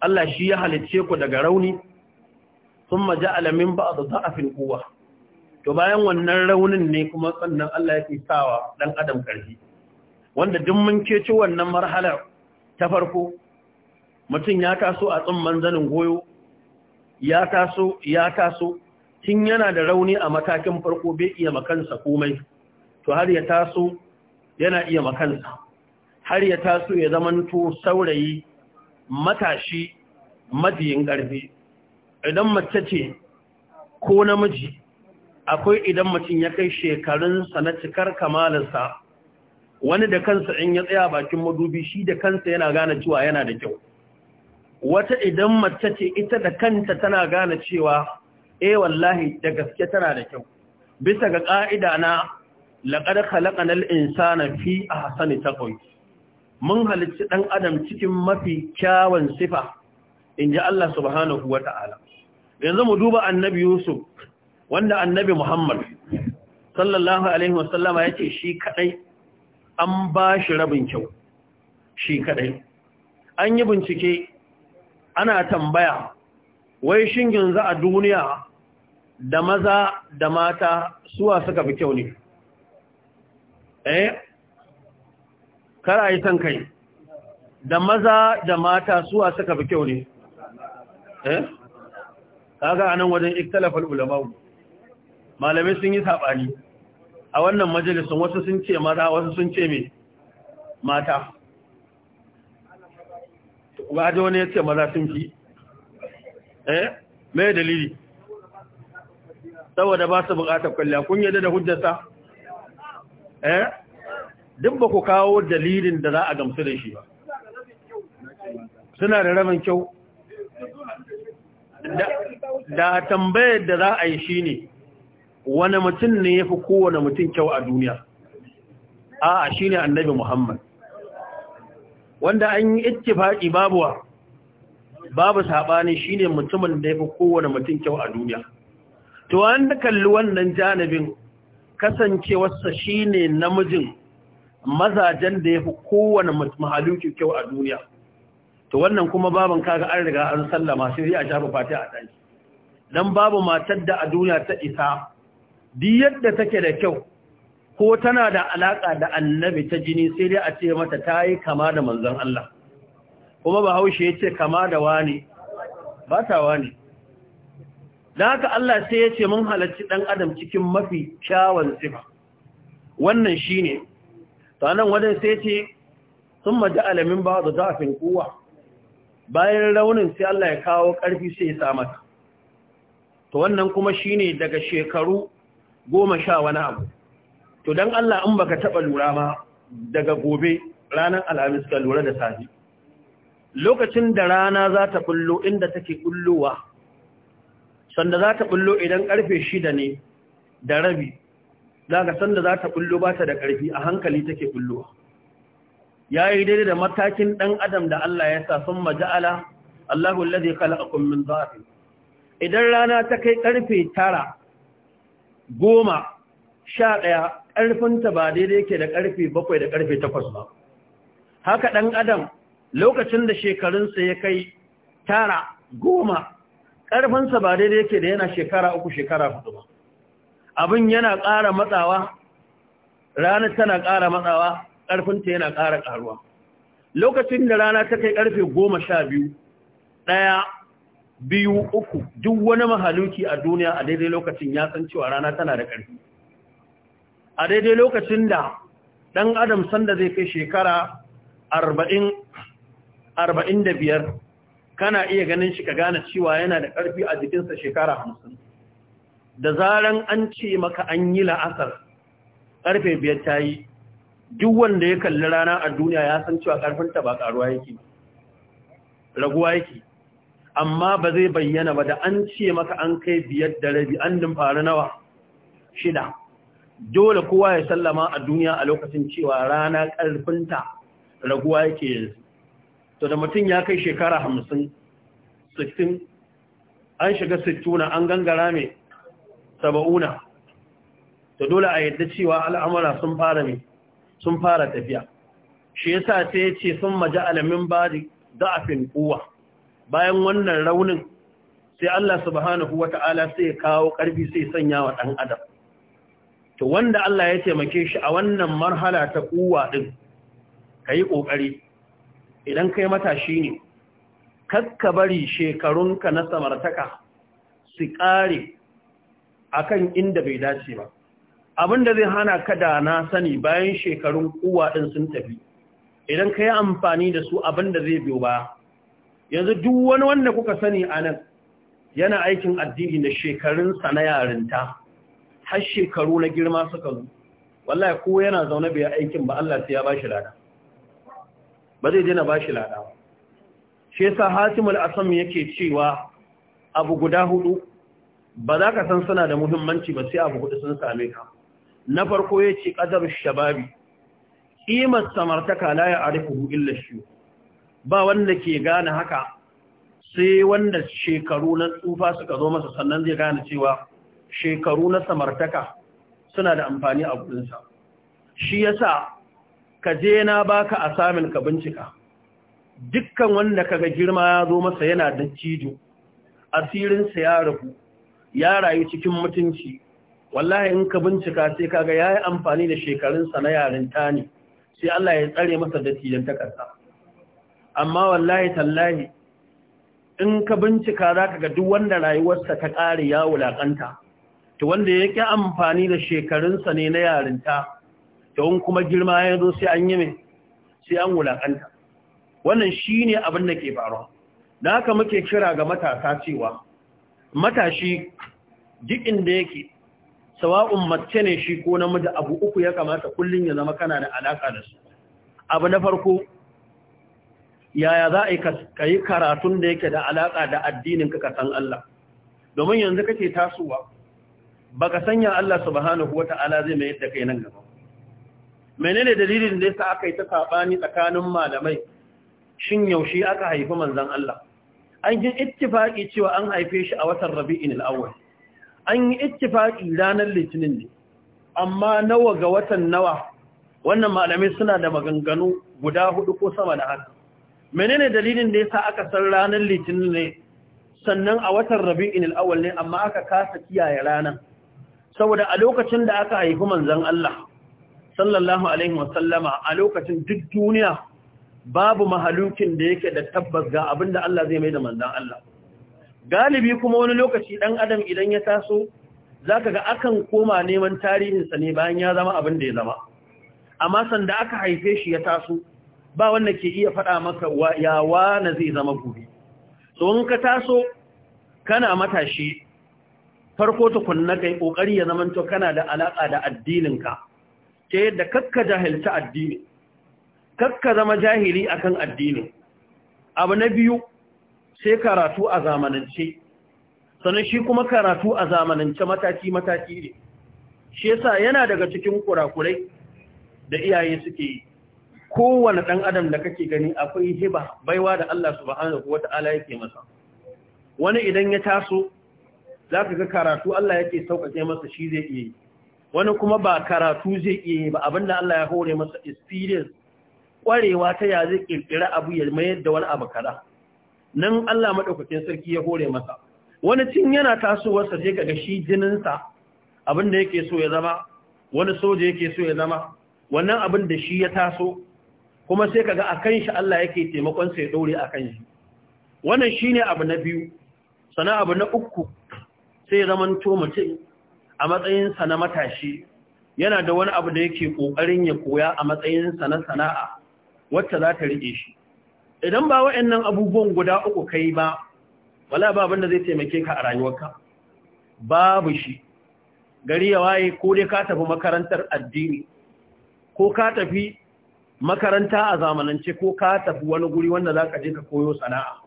Allah shi ya halicce ku daga rauni thumma ja'ala min ba'd da'afin quwwa to bayan wannan raunin ne kuma sannan Allah yake sawa dan adam karfi wanda duk mun ci wannan marhalar ta farko mutum ya taso a tsimman zanin goyo ya taso ya taso tun yana da rauni a matakin farko bai iya makansa komai to har ya taso yana iya makansa har ya taso ya zamanto saurayi matashi majiyin ƙarfi idan mace ce ko namiji akwai idan mutum ya kai shekarunsa na cikar kamalinsa wani da kansa in ya tsaya bakin madubi shi da kansa yana gane cewa yana da kyau wata idan mace ce ita da kanta tana gane cewa eh wallahi da gaske tana da kyau bisa ga ka'ida na laqad khalaqnal insana fi ahsani taqwim mun halicci dan adam cikin mafi kyawun sifa inji Allah subhanahu wata'ala yanzu mu duba annabi Yusuf wanda annabi Muhammad sallallahu alaihi wasallama yace shi kadai an ba shi rabin kyau shi kadai an yi bincike ana tambaya wai shin yanzu a duniya da maza da mata suwa suka fi kyau ne eh kara yi san kai da maza da mata suwa suka fi kyau ne eh kaga anan wajen iktalafal ulama malamai sun yi sabani a wannan majalisun wasu sun ce maza wasu sun ce mai mata waje wani ya ce maza sun fi eh mai dalili saboda ba su bukatar kwalliya kun yadda da hujjata eh duk ba ku kawo dalilin da za a gamsu da shi suna da rabin kyau da tambayar da za a yi shi ne wani mutum ne ya fi kowane mutum kyau a duniya a shi ne annabi muhammad wanda an yi ittifaƙi babuwa babu saɓani shi ne mutumin da ya fi kowane mutum kyau a duniya to da kalli wannan janabin kasancewarsa shi ne namijin mazajen da ya fi kowane mahaluki kyau a duniya to wannan kuma baban kaga an riga an sallama sai a shafi fati a ɗaki don babu matar da a duniya ta isa duk yadda take da kyau ko tana da alaka da annabi ta jini sai dai a ce mata ta yi kama da manzan Allah kuma ba haushe ya ce kama da wani ba ta wani da haka Allah sai ya ce mun halarci ɗan adam cikin mafi kyawun sifa wannan shi ne sanan wajen sai ce sun maji alamin ba da zafin kuwa bayan raunin sai Allah ya kawo ƙarfi sai ya sa mata to wannan kuma shi ne daga shekaru goma sha wani abu to don Allah in baka taɓa lura ma daga gobe ranar alhamis ka lura da safi lokacin da rana za ta ɓullo inda take ɓullowa, sanda za ta ɓullo idan karfe shida ne da rabi za ka sanda za ta bullo ba ta da ƙarfi, a hankali take ɓullowa. ya yi daidai da matakin ɗan adam da Allah ya sa sun maja'ala Allahu kala a min za'afi. idan rana ta kai ƙarfe tara goma sha ɗaya ƙarfinta ba daidai yake da ƙarfe bakwai da ƙarfe takwas ba haka ɗan adam lokacin da shekarunsa ya kai tara goma ƙarfinsa ba daidai yake da yana shekara uku shekara hudu ba abin yana ƙara matsawa ranar tana ƙara matsawa ƙarfinta yana ƙara ƙaruwa lokacin da rana ta kai ƙarfe goma sha biyu ɗaya biyu uku duk wani mahaluki a duniya a daidai lokacin ya san cewa rana tana da ƙarfi a daidai lokacin da ɗan adam sanda zai kai shekara arba'in da biyar kana iya ganin shi ka gane cewa yana da ƙarfi a jikinsa shekara hamsin da zaran an ce maka an yi la'asar ƙarfe biyar ta yi duk wanda ya kalli rana a duniya ya san cewa ƙarfinta ba ƙaruwa yake raguwa yake amma ba zai bayyana ba da an ce maka an kai biyar da rabi an dimfara nawa shida dole kowa ya sallama a duniya a lokacin cewa rana ƙarfinta raguwa yake yanzu to da mutum ya kai shekara hamsin sittin an shiga sittuna an gangara mai saba'una to dole a yadda cewa al'amura sun fara mai sun fara tafiya shi yasa sai ya ce sun maji alamin ba da afin kowa bayan wannan raunin sai Allah subhanahu ta'ala sai kawo ƙarfi sai sanya wa ɗan adam to wanda Allah ya taimake shi a wannan marhala ta kuwa ɗin ka yi ƙoƙari idan kai matashi ne kakka bari shekarunka na samartaka su ƙare a kan inda bai dace ba abinda zai hana ka da na sani bayan shekarun kuwa ɗin sun tafi idan ka yi amfani da su abinda zai biyo ba yanzu duk wani wanda kuka sani a nan yana aikin addini da shekarunsa na yarinta har shekaru na girma suka zo wallahi ko yana zaune bai aikin ba Allah sai ya bashi lada ba zai dena bashi lada ba shi yasa Hatimul Asam yake cewa abu guda hudu ba za ka san suna da muhimmanci ba sai abu hudu sun same ka na farko yace qadarush shababi kimar samartaka la ya'rifuhu illa shuyu ba wanda ke gane haka sai wanda shekaru na tsufa suka zo masa sannan zai gane cewa shekaru na samartaka suna da amfani a gudunsa shi yasa ka je na baka a samun ka bincika dukkan wanda kaga girma ya zo masa yana da cijo asirinsa ya rufu ya rayu cikin mutunci wallahi in ka bincika sai kaga yayi amfani da shekarunsa na yarinta ne sai Allah ya tsare masa da tijan ƙasa. amma wallahi tallahi in ka bincika za ka ga duk wanda rayuwarsa ta ƙare ya wulaƙanta to wanda ya ƙi amfani da shekarunsa ne na yarinta to in kuma girma ya zo sai an yi mai sai an wulaƙanta wannan shi ne abin da ke faruwa da haka muke kira ga matasa cewa matashi duk inda yake sawa'un mace ne shi ko namiji abu uku ya kamata kullum ya zama kana da alaƙa da su abu na farko yaya za a yi karatun da yake da alaƙa da addinin ka san Allah domin yanzu kake tasowa baka sanya Allah subhanahu wata'ala zai mai yadda kai nan gaba menene dalilin da yasa aka yi ta sabani tsakanin malamai shin yaushe aka haifi manzon Allah an yi ittifaki cewa an haife shi a watan Rabi'in al-Awwal an yi ittifaki ranar Litinin ne amma nawa ga watan nawa wannan malamai suna da maganganu guda hudu ko sama da haka menene dalilin da yasa aka san ranar litinin ne sannan a watan rabi'in al-awwal ne amma aka kasa kiyaye ranar saboda a lokacin da aka haifi manzon Allah sallallahu alaihi wasallama a lokacin duk duniya babu mahalukin da yake da tabbas ga abinda Allah zai mai da manzon Allah galibi kuma wani lokaci dan adam idan ya taso zaka ga akan koma neman tarihinsa ne bayan ya zama abin da ya zama amma sanda aka haife shi ya taso ba wanda ke iya faɗa maka yawa na zai zama gobe so in ka taso kana matashi farko tukunna kai kokari ya zama to kana da alaƙa da addininka ta yadda kakka jahilta addini kakka zama jahili akan addini abu na biyu sai karatu a zamanance sannan shi kuma karatu a zamanance mataki mataki ne shi yasa yana daga cikin kurakurai da iyaye suke yi kowane ɗan adam da kake gani akwai hiba baiwa da Allah subhanahu wata'ala yake masa wani idan ya taso za ka ga karatu Allah yake sauƙaƙe masa shi zai iya yi wani kuma ba karatu zai iya yi ba abinda Allah ya hore masa experience ƙwarewa ta ya zai ƙirƙira abu ya mayar da wani abu kaɗa nan Allah maɗaukakin sarki ya hore masa wani cin yana tasowarsa sai ga shi jininsa abinda yake so ya zama wani soja yake so ya zama wannan abin da shi ya taso kuma sai kaga akan shi Allah yake taimakon sai daure akan shi wannan shine abu na biyu sana abu na uku sai zaman to mutum a matsayin sa na matashi yana da wani abu da yake kokarin ya koya a matsayin sa na sana'a wacce za ta rike shi idan ba wa'annan abubuwan guda uku kai ba wala ba abin zai taimake ka a rayuwarka babu shi gari ya waye ko dai ka tafi makarantar addini ko ka tafi makaranta a zamanance ko ka tafi wani guri wanda za ka je ka koyo sana'a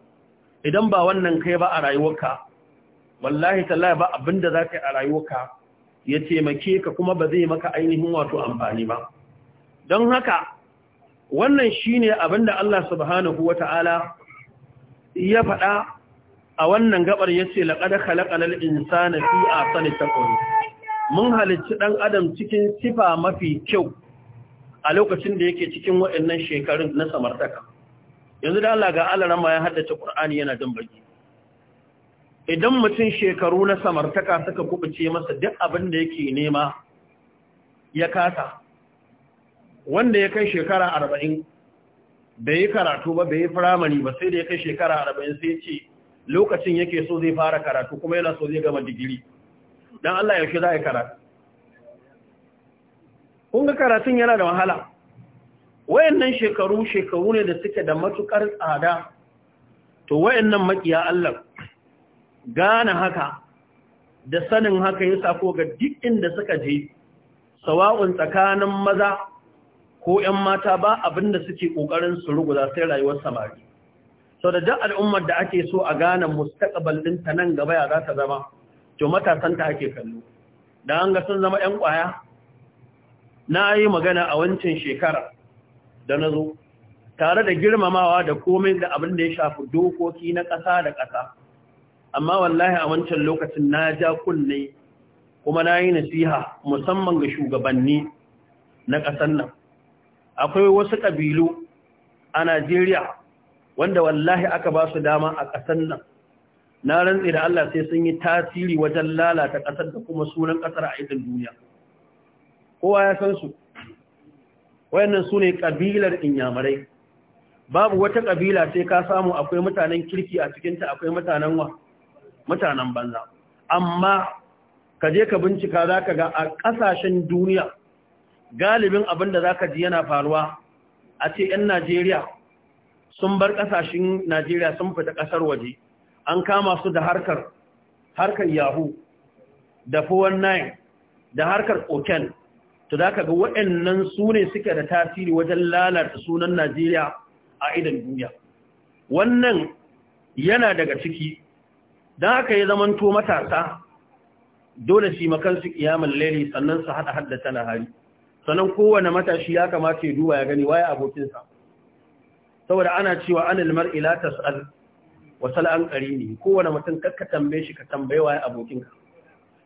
idan ba wannan kai ba a rayuwarka wallahi tallahi ba abinda za ka yi a rayuwarka ya taimake ka kuma ba zai maka ainihin wato amfani ba don haka wannan shi shine abinda Allah subhanahu wa Ta'ala ya faɗa a wannan gabar yace laqad khalaqal na fi a sani taqwim mun halicci ɗan adam cikin sifa mafi kyau a lokacin da yake cikin waɗannan shekarun na samartaka yanzu da Allah ga alarama ya haddace Qur'ani yana dan idan mutum shekaru na samartaka suka kubuce masa duk abin da yake nema ya kasa wanda ya kai shekara arba'in bai yi karatu ba bai yi firamani ba sai da ya kai shekara arba'in sai ce lokacin yake so zai fara karatu kuma yana so zai gama digiri don Allah yaushe za a karatu kun ga karatun yana da wahala wayannan shekaru shekaru ne da suke da matukar tsada to wayannan makiya Allah gane haka da sanin haka ya sako ga duk inda suka je sawa'un tsakanin maza ko 'yan mata ba abinda suke ƙoƙarin su ruguza sai rayuwar samari sau da duk al'ummar da ake so a gane mustaqbal ɗinta nan gaba ya za ta zama to matasanta ake kallo da an ga sun zama 'yan kwaya? na yi magana a wancan shekara da na zo tare da girmamawa da komai da abin da ya shafi dokoki na ƙasa da ƙasa amma wallahi a wancan lokacin na ja kunne kuma na yi nasiha musamman ga shugabanni na ƙasar nan akwai wasu ƙabilu a najeriya wanda wallahi aka ba su dama a ƙasar nan na rantsi da allah sai sun yi tasiri wajen lalata ƙasar da kuma sunan ƙasar a idin duniya kowa ya san su wayannan su ne ƙabilar inyamurai babu wata ƙabila sai ka samu akwai mutanen kirki a cikinta akwai mutanen wa mutanen banza amma ka je ka bincika za ka ga a ƙasashen duniya galibin abin da za ka ji yana faruwa a ce 'yan najeriya sun bar ƙasashen najeriya sun fita ƙasar waje an kama su da harkar harkar yahoo da 419 da harkar oken to da ka ga waɗannan su ne suka da tasiri wajen lalata sunan Najeriya a idan duniya wannan yana daga ciki don haka ya to matasa dole shi makansu kiyamun laili sannan su haɗa haddata na hari sannan kowane matashi ya kamata ya duba ya gani waye abokinsa saboda ana cewa anil mar'i la tas'al wa sal an qarini kowane mutum ka tambaye shi ka tambaye waye abokinka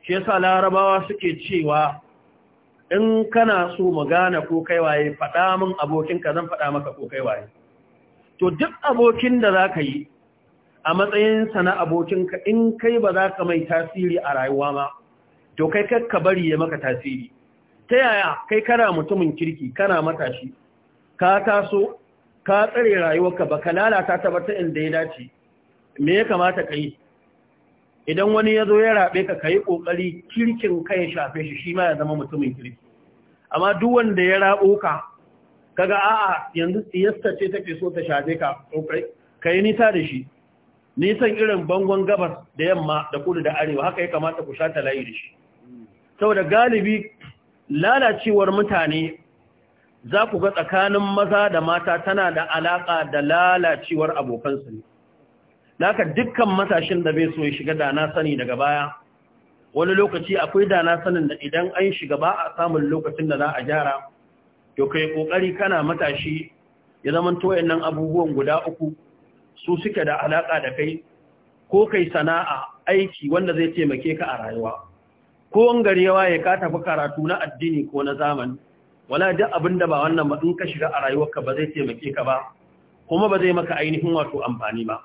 shi yasa larabawa suke cewa in kana so mu ko kai waye faɗa min abokinka zan faɗa maka ko kai waye to duk abokin da za ka yi a matsayinsa na abokinka in kai ba za ka mai tasiri a rayuwa ma to kai ka bari ya maka tasiri ta yaya kai kana mutumin kirki kana matashi ka taso ka tsare rayuwarka ba ka lalata ta ba ta inda ya dace me ya kamata ka yi idan wani ya zo ya raɓe ka kayi ƙoƙari kirkin ka ya shafe shi shi ma ya zama mutumin kirki amma duk wanda ya raɓo ka kaga a'a yanzu siyasta ce take so ta shafe ka ka yi nisa da shi nisan irin bangon gabas da yamma da kudu da arewa haka ya kamata ku sha ta layi da shi saboda galibi lalacewar mutane za ku ga tsakanin maza da mata tana da alaƙa da lalacewar abokansu ne Daka dukkan matashin da bai so ya shiga da na sani daga baya, wani lokaci akwai da na sanin da idan an shiga ba a samun lokacin da za a gyara, to kai kokari kana matashi ya zaman to nan abubuwan guda uku su suke da alaka da kai, ko kai sana'a aiki wanda zai taimake ka a rayuwa. Ko wangare yawa ya ka tafi karatu na addini ko na zamani, wala duk abin da ba wannan in ka shiga a rayuwarka ba zai taimake ka ba, kuma ba zai maka ainihin wato amfani ba.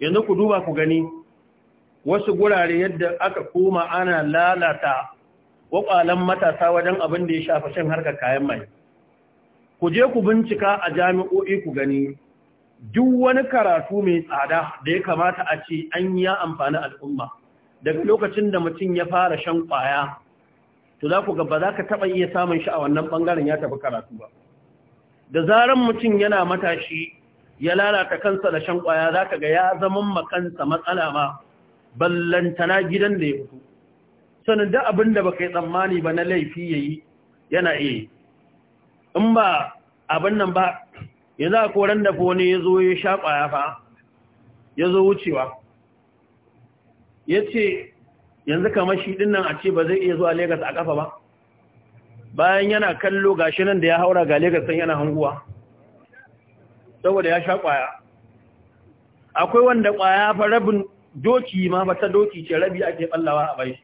yanzu ku duba ku gani wasu gurare yadda aka koma ana lalata wakwalan matasa wajen abin da ya shafa shan harkar kayan mai ku je ku bincika a jami'o'i ku gani duk wani karatu mai tsada da ya kamata a ce an yi amfani al'umma daga lokacin da mutum ya fara shan kwaya to za ku ga ba za ka taɓa iya samun shi a wannan bangaren ya tafi karatu ba da zaran mutum yana matashi ya lalata kansa da shan kwaya za ka ga ya zaman makansa matsala ma ballantana gidan da ya fito sanin da abin da ka yi tsammani ba na laifi ya yi yana iya in ba abin nan ba ya za a koren da fone ya zo ya sha kwaya fa ya zo wucewa ya ce yanzu kamar shi nan a ce ba zai iya zuwa Legas a kafa ba bayan yana kallo gashi nan da ya haura ga Legas yana hanguwa saboda ya sha ƙwaya akwai wanda ƙwaya fa rabin doki ma ba ta doki ce rabi ake ɓallawa a bai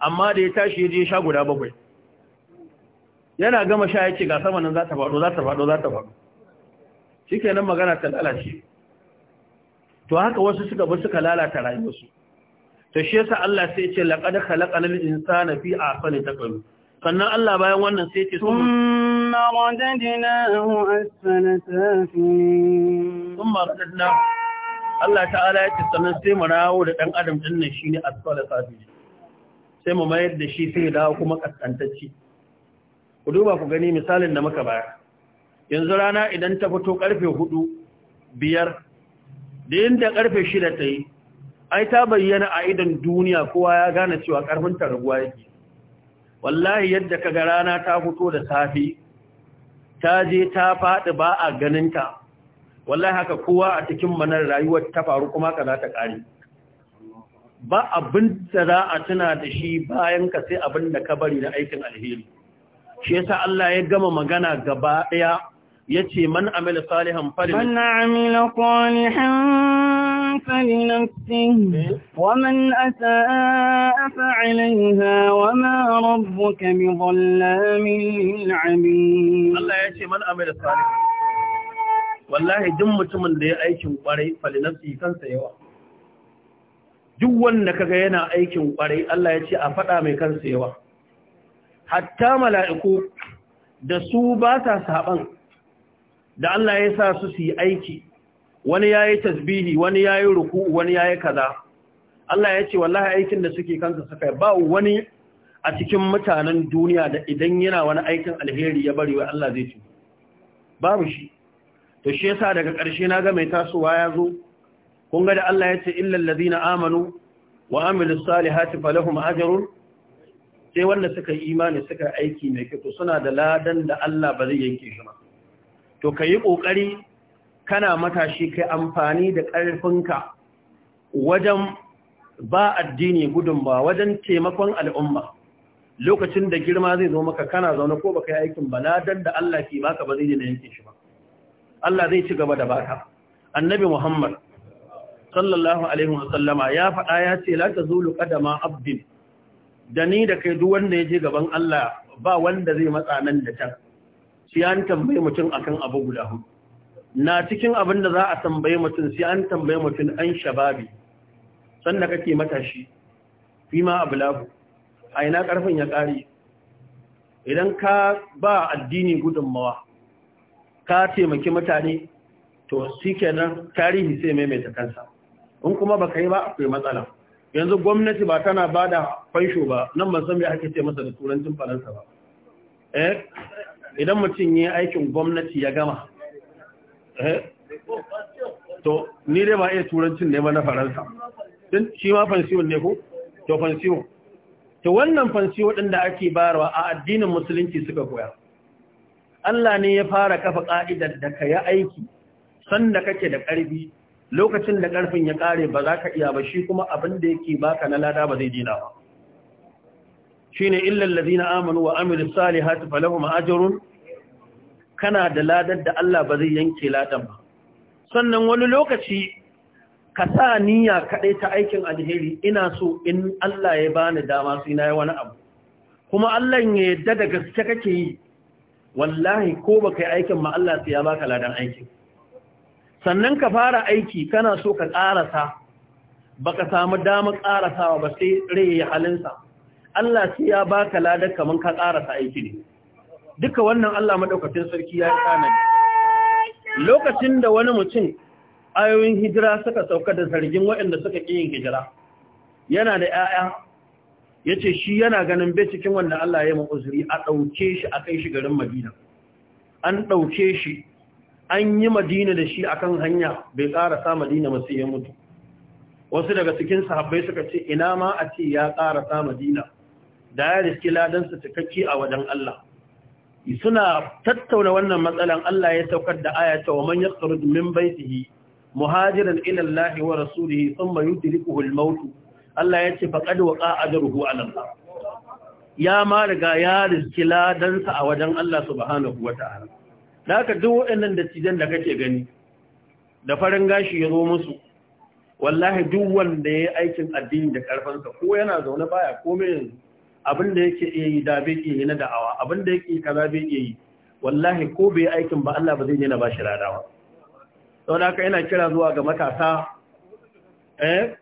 amma da ya tashi ya je sha guda bakwai yana gama sha ya ce ga sama nan za ta faɗo za ta faɗo za ta faɗo shi kenan magana ta lalace to haka wasu suka bi suka lalata rayuwarsu ta shi yasa Allah sai ya ce laqad khalaqal insana fi ahsani taqwim sannan Allah bayan wannan sai ya ce ثم رددناه أسفل سافلين ثم رددناه Allah ta'ala ya ce sannan sai mu rawo da ɗan adam ɗin nan shi ne asfala safili sai mu mayar da shi sai dawo kuma kaskantacci ku duba ku gani misalin da muka bayar yanzu rana idan ta fito karfe hudu biyar da yadda karfe shida ta yi ai ta bayyana a idon duniya kowa ya gane cewa karfin ta yake wallahi yadda ka ga rana ta fito da safe. ta je ta faɗi ba a ganinta wallahi haka kowa a cikin manar rayuwar ta faru kuma ka za ta ƙari ba abin da za a tuna da shi bayan ka sai abin da ka bari na aikin alheri shi yasa Allah ya gama magana gaba ɗaya yace man amila salihan fali man amila salihan fali nafsihi eh? wa man asaa fa alaiha wa ma rabbuka bi dhallamin lil abid Allah yace man amila salihan wallahi duk mutumin da ya aikin kwarai fali nafsihi kansa yawa duk wanda kaga yana aikin kwarai Allah ya ce a fada mai kansa yawa hatta mala'iku da su ba ta saban da Allah ya sa su su yi aiki wani ya yi tasbihi wani ya yi ruku wani ya yi kaza Allah ya ce wallahi aikin da suke kansa suka ba wani a cikin mutanen duniya da idan yana wani aikin alheri ya bari wa Allah zai ci babu shi to shi yasa daga ƙarshe na ga mai tasowa ya zo kun ga da Allah ya ce illal ladina amanu wa amilu salihati falahum ajrun sai wanda suka yi imani suka aiki mai kyau suna da ladan da Allah ba zai yanke shi ba to ka yi ƙoƙari kana matashi kai amfani da ƙarfinka wajen ba addini ba wajen taimakon al'umma lokacin da girma zai zo maka kana zaune ko baka yi aikin ba ladan da Allah ke baka ba zai da yankin shi ba Allah zai ci gaba da baka annabi Muhammad sallallahu alaihi wasallama ya faɗa ya ce la Zulu, qadama abdin da ni da kai duk wanda ya je gaban Allah ba wanda zai matsa nan da can sai an tambaye mutum akan abu guda hudu na cikin abin da za a tambaye mutum sai an tambaye mutum an shababi sanda kake matashi fi ma abu labu a ina karfin ya kare idan ka ba addini gudunmawa ka taimaki mutane to shi kenan tarihi sai maimaita kansa in kuma ba ka yi ba akwai matsala yanzu gwamnati ba tana ba da fansho ba nan ban san me ake ce masa da turancin faransa ba eh idan mutum yi aikin gwamnati ya gama eh, to ni dai ba iya turancin ne ba na faransa shi ma fansiyon ne ko to fansiyon to wannan fansiyon ɗin da ake barawa a addinin musulunci suka koya Allah ne ya fara kafa ƙa'idar da ka yi aiki sanda kake da ƙarfi lokacin da ƙarfin ya ƙare ba za ka iya ba shi kuma abin da yake baka na lada ba zai dina ba shine illal ladina amanu wa amilus salihati falahum ajrun kana da ladar da Allah ba zai yanke ladan ba sannan wani lokaci ka sa niyya kaɗai ta aikin alheri ina so in Allah ya bani dama sai na yi wani abu kuma Allah ya yadda da gaske kake yi wallahi ko baka yi aikin ma Allah sai ya baka ladan aikin sannan ka fara aiki kana so ka ƙarasa baka samu damar ƙarasawa ba sai rai ya halinsa Allah sai ya baka ladar kaman ka karasa aiki ne duka wannan Allah madaukakin sarki ya yi kana lokacin da wani mutum ayoyin hijira suka sauka da zargin waɗanda suka ƙi yin hijira yana da 'ya'ya ya ce shi yana ganin bai cikin wanda Allah ya uzuri a ɗauke shi a kai shi garin Madina. An ɗauke shi, an yi Madina da shi akan hanya bai ƙarasa Madina masu ya mutu. Wasu daga cikin sahabbai suka ce, ina ma a ce ya ƙarasa Madina, da ya riski ladansa cikakke a wajen Allah suna tattauna wannan matsalan Allah ya saukar da aya wa manyan yakhruj min baytihi muhajiran ila Allah wa rasulihi thumma yudrikuhu al-maut Allah ya ce faqad waqa ajruhu ala Allah ya ma riga ya riski ladansa a wajen Allah subhanahu wata'ala duk waɗannan dattijan da kake gani da farin gashi ya zo musu wallahi duk wanda ya yi aikin addini da karfansa ko yana zaune baya komai yanzu abin da yake iya yi da bai iya yi na da'awa abin da yake kaza bai iya yi wallahi ko bai aikin ba Allah ba zai yana ba shi radawa sau da haka yana kira zuwa ga matasa eh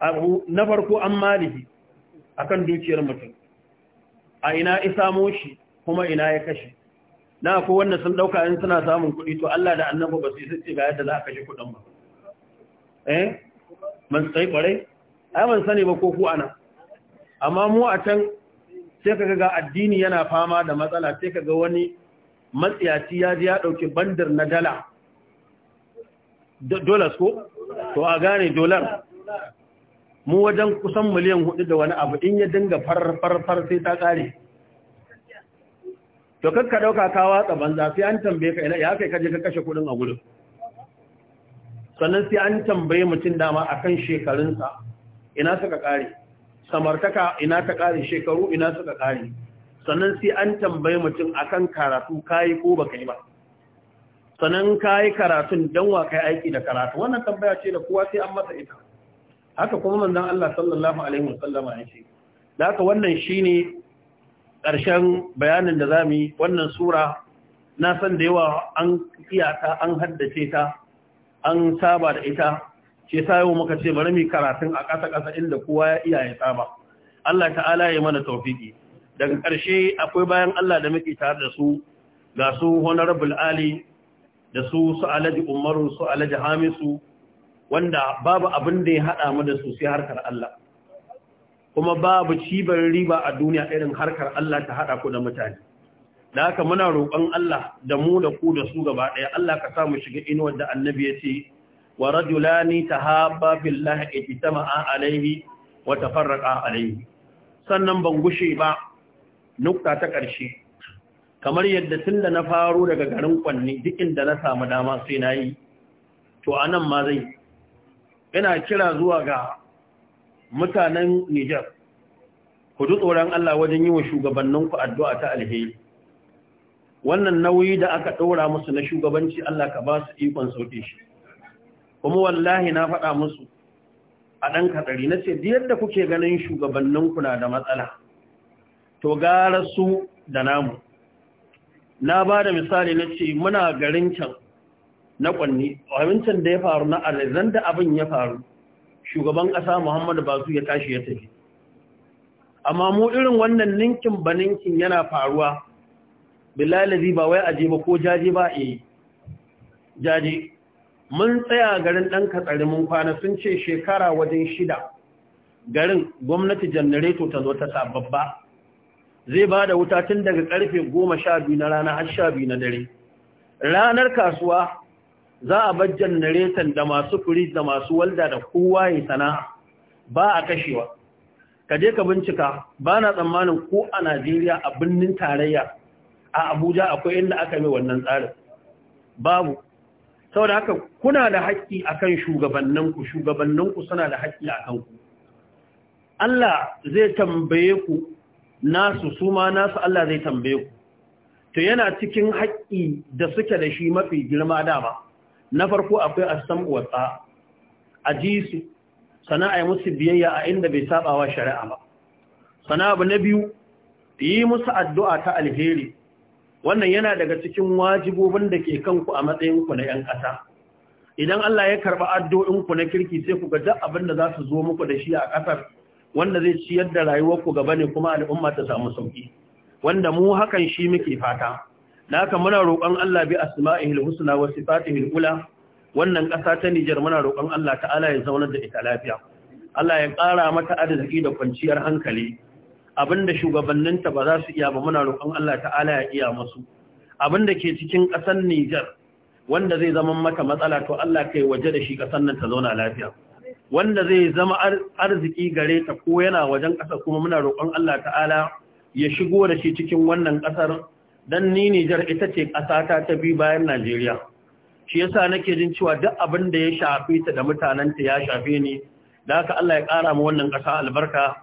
abu na farko an malihi akan dukiyar mutum a ina isamo shi kuma ina ya kashe na ko wanda sun dauka in suna samun kuɗi to Allah da annabi ba su sace ga yadda za a kashe kuɗin ba eh man sai kwarai ai man sani ba ko ku ana amma mu a can sai kaga ga addini yana fama da matsala sai kaga wani matsiyaci ya ji ya ɗauki bandar na dala dollars ko to a gane dollar mu wajen kusan miliyan hudu da wani abu in ya dinga farfarfar sai ta kare to kakka dauka ka watsa banza sai an tambaye ka ina ya kai kaje ka kashe kudin a gudun. sannan sai an tambaye mutum dama a kan shekarunsa ina suka kare samartaka ina ta ƙare shekaru ina suka ƙare sannan sai an tambayi mutum akan karatu kayi ko baka yi ba sannan kayi karatun dan wa kai aiki da karatu wannan tambaya ce da kowa sai an masa ita haka kuma manzon Allah sallallahu alaihi wasallam ya ce da haka wannan shine ƙarshen bayanin da zamu yi wannan sura na san da yawa an kiyata an haddace ta an saba da ita shi yasa yau muka ce bari mu karatun a kasa ƙasa inda kowa ya iya ya saba Allah ta'ala ya mana tawfiki daga ƙarshe akwai bayan Allah da muke tare da su ga su honorable ali da su su alaji umaru su alaji hamisu wanda babu abin da ya haɗa mu da su sai harkar Allah kuma babu cibar riba a duniya irin harkar Allah ta haɗa ku da mutane da haka muna roƙon Allah da mu da ku da su gaba ɗaya Allah ka sa mu shiga inuwar da annabi ya ce wa rajulani tahaba billahi ijtama'a alayhi wa tafarraqa alayhi sannan ban gushe ba nukta ta ƙarshe kamar yadda tun na faro daga garin kwanni duk inda na samu dama sai na yi to anan ma zai Ina kira zuwa ga mutanen Nijar ku ji tsoron Allah wajen yi wa shugabanninku addu'a ta alheri wannan nauyi da aka ɗora musu na shugabanci Allah ka ba su ikon sauke shi kuma wallahi na faɗa musu a ɗan kaɗari na ce da kuke ganin shugabanninku na da matsala to gara su da namu na ba da misali na ce muna garin can na ƙwanni abincin da ya faru na alizan da abin ya faru shugaban ƙasa muhammadu ba su ya tashi ya tafi amma mu irin wannan ninkin ba ninkin yana faruwa bilalazi ba wai aje ba ko jaje ba e jaje mun tsaya garin ɗan katsari mun kwana sun ce shekara wajen shida garin gwamnati janareto ta zo ta sa babba zai ba da wuta tun daga karfe goma sha biyu na rana har sha biyu na dare ranar kasuwa za a bar janareton da masu firij da masu walda da kowa ya sana'a ba a kashewa ka je ka bincika ba na tsammanin ko a najeriya a birnin tarayya a abuja akwai inda aka yi wannan tsarin babu saboda haka kuna da haƙƙi akan shugabanninku shugabanninku suna da haƙƙi akan ku Allah zai tambaye ku nasu su ma nasu Allah zai tambaye ku to yana cikin haƙƙi da suke da shi mafi girma dama na farko akwai asam wata a ji su sana yi musu biyayya a inda bai sabawa shari'a ba Sana'a abu na biyu yi musu addu'a ta alheri wannan yana daga cikin wajibobin da ke kanku a matsayinku na 'yan ƙasa idan Allah ya karɓi addu'inku na kirki sai ku ga duk abin da za su zo muku da shi a ƙasar wanda zai ciyar da rayuwarku gaba ne kuma al'umma ta samu sauƙi wanda mu hakan shi muke fata na haka muna roƙon Allah bi asma'ihil husna wa sifatihil ula wannan ƙasa ta Nijar muna roƙon Allah ta'ala ya zauna da ita lafiya Allah ya ƙara mata arziki da kwanciyar hankali abinda shugabanninta ba za su iya ba muna roƙon Allah ta'ala ya iya musu abinda ke cikin ƙasar Niger wanda zai zama mata matsala to Allah kai waje da shi ƙasar nan ta zauna lafiya wanda zai zama arziki gare ta ko yana wajen ƙasa kuma muna roƙon Allah ta'ala ya shigo da shi cikin wannan ƙasar dan ni Niger ita ce ƙasata ta biyu bayan Najeriya shi yasa nake jin cewa duk abin da ya shafe ta da mutanen ta ya shafe ni da haka Allah ya ƙara mu wannan ƙasa albarka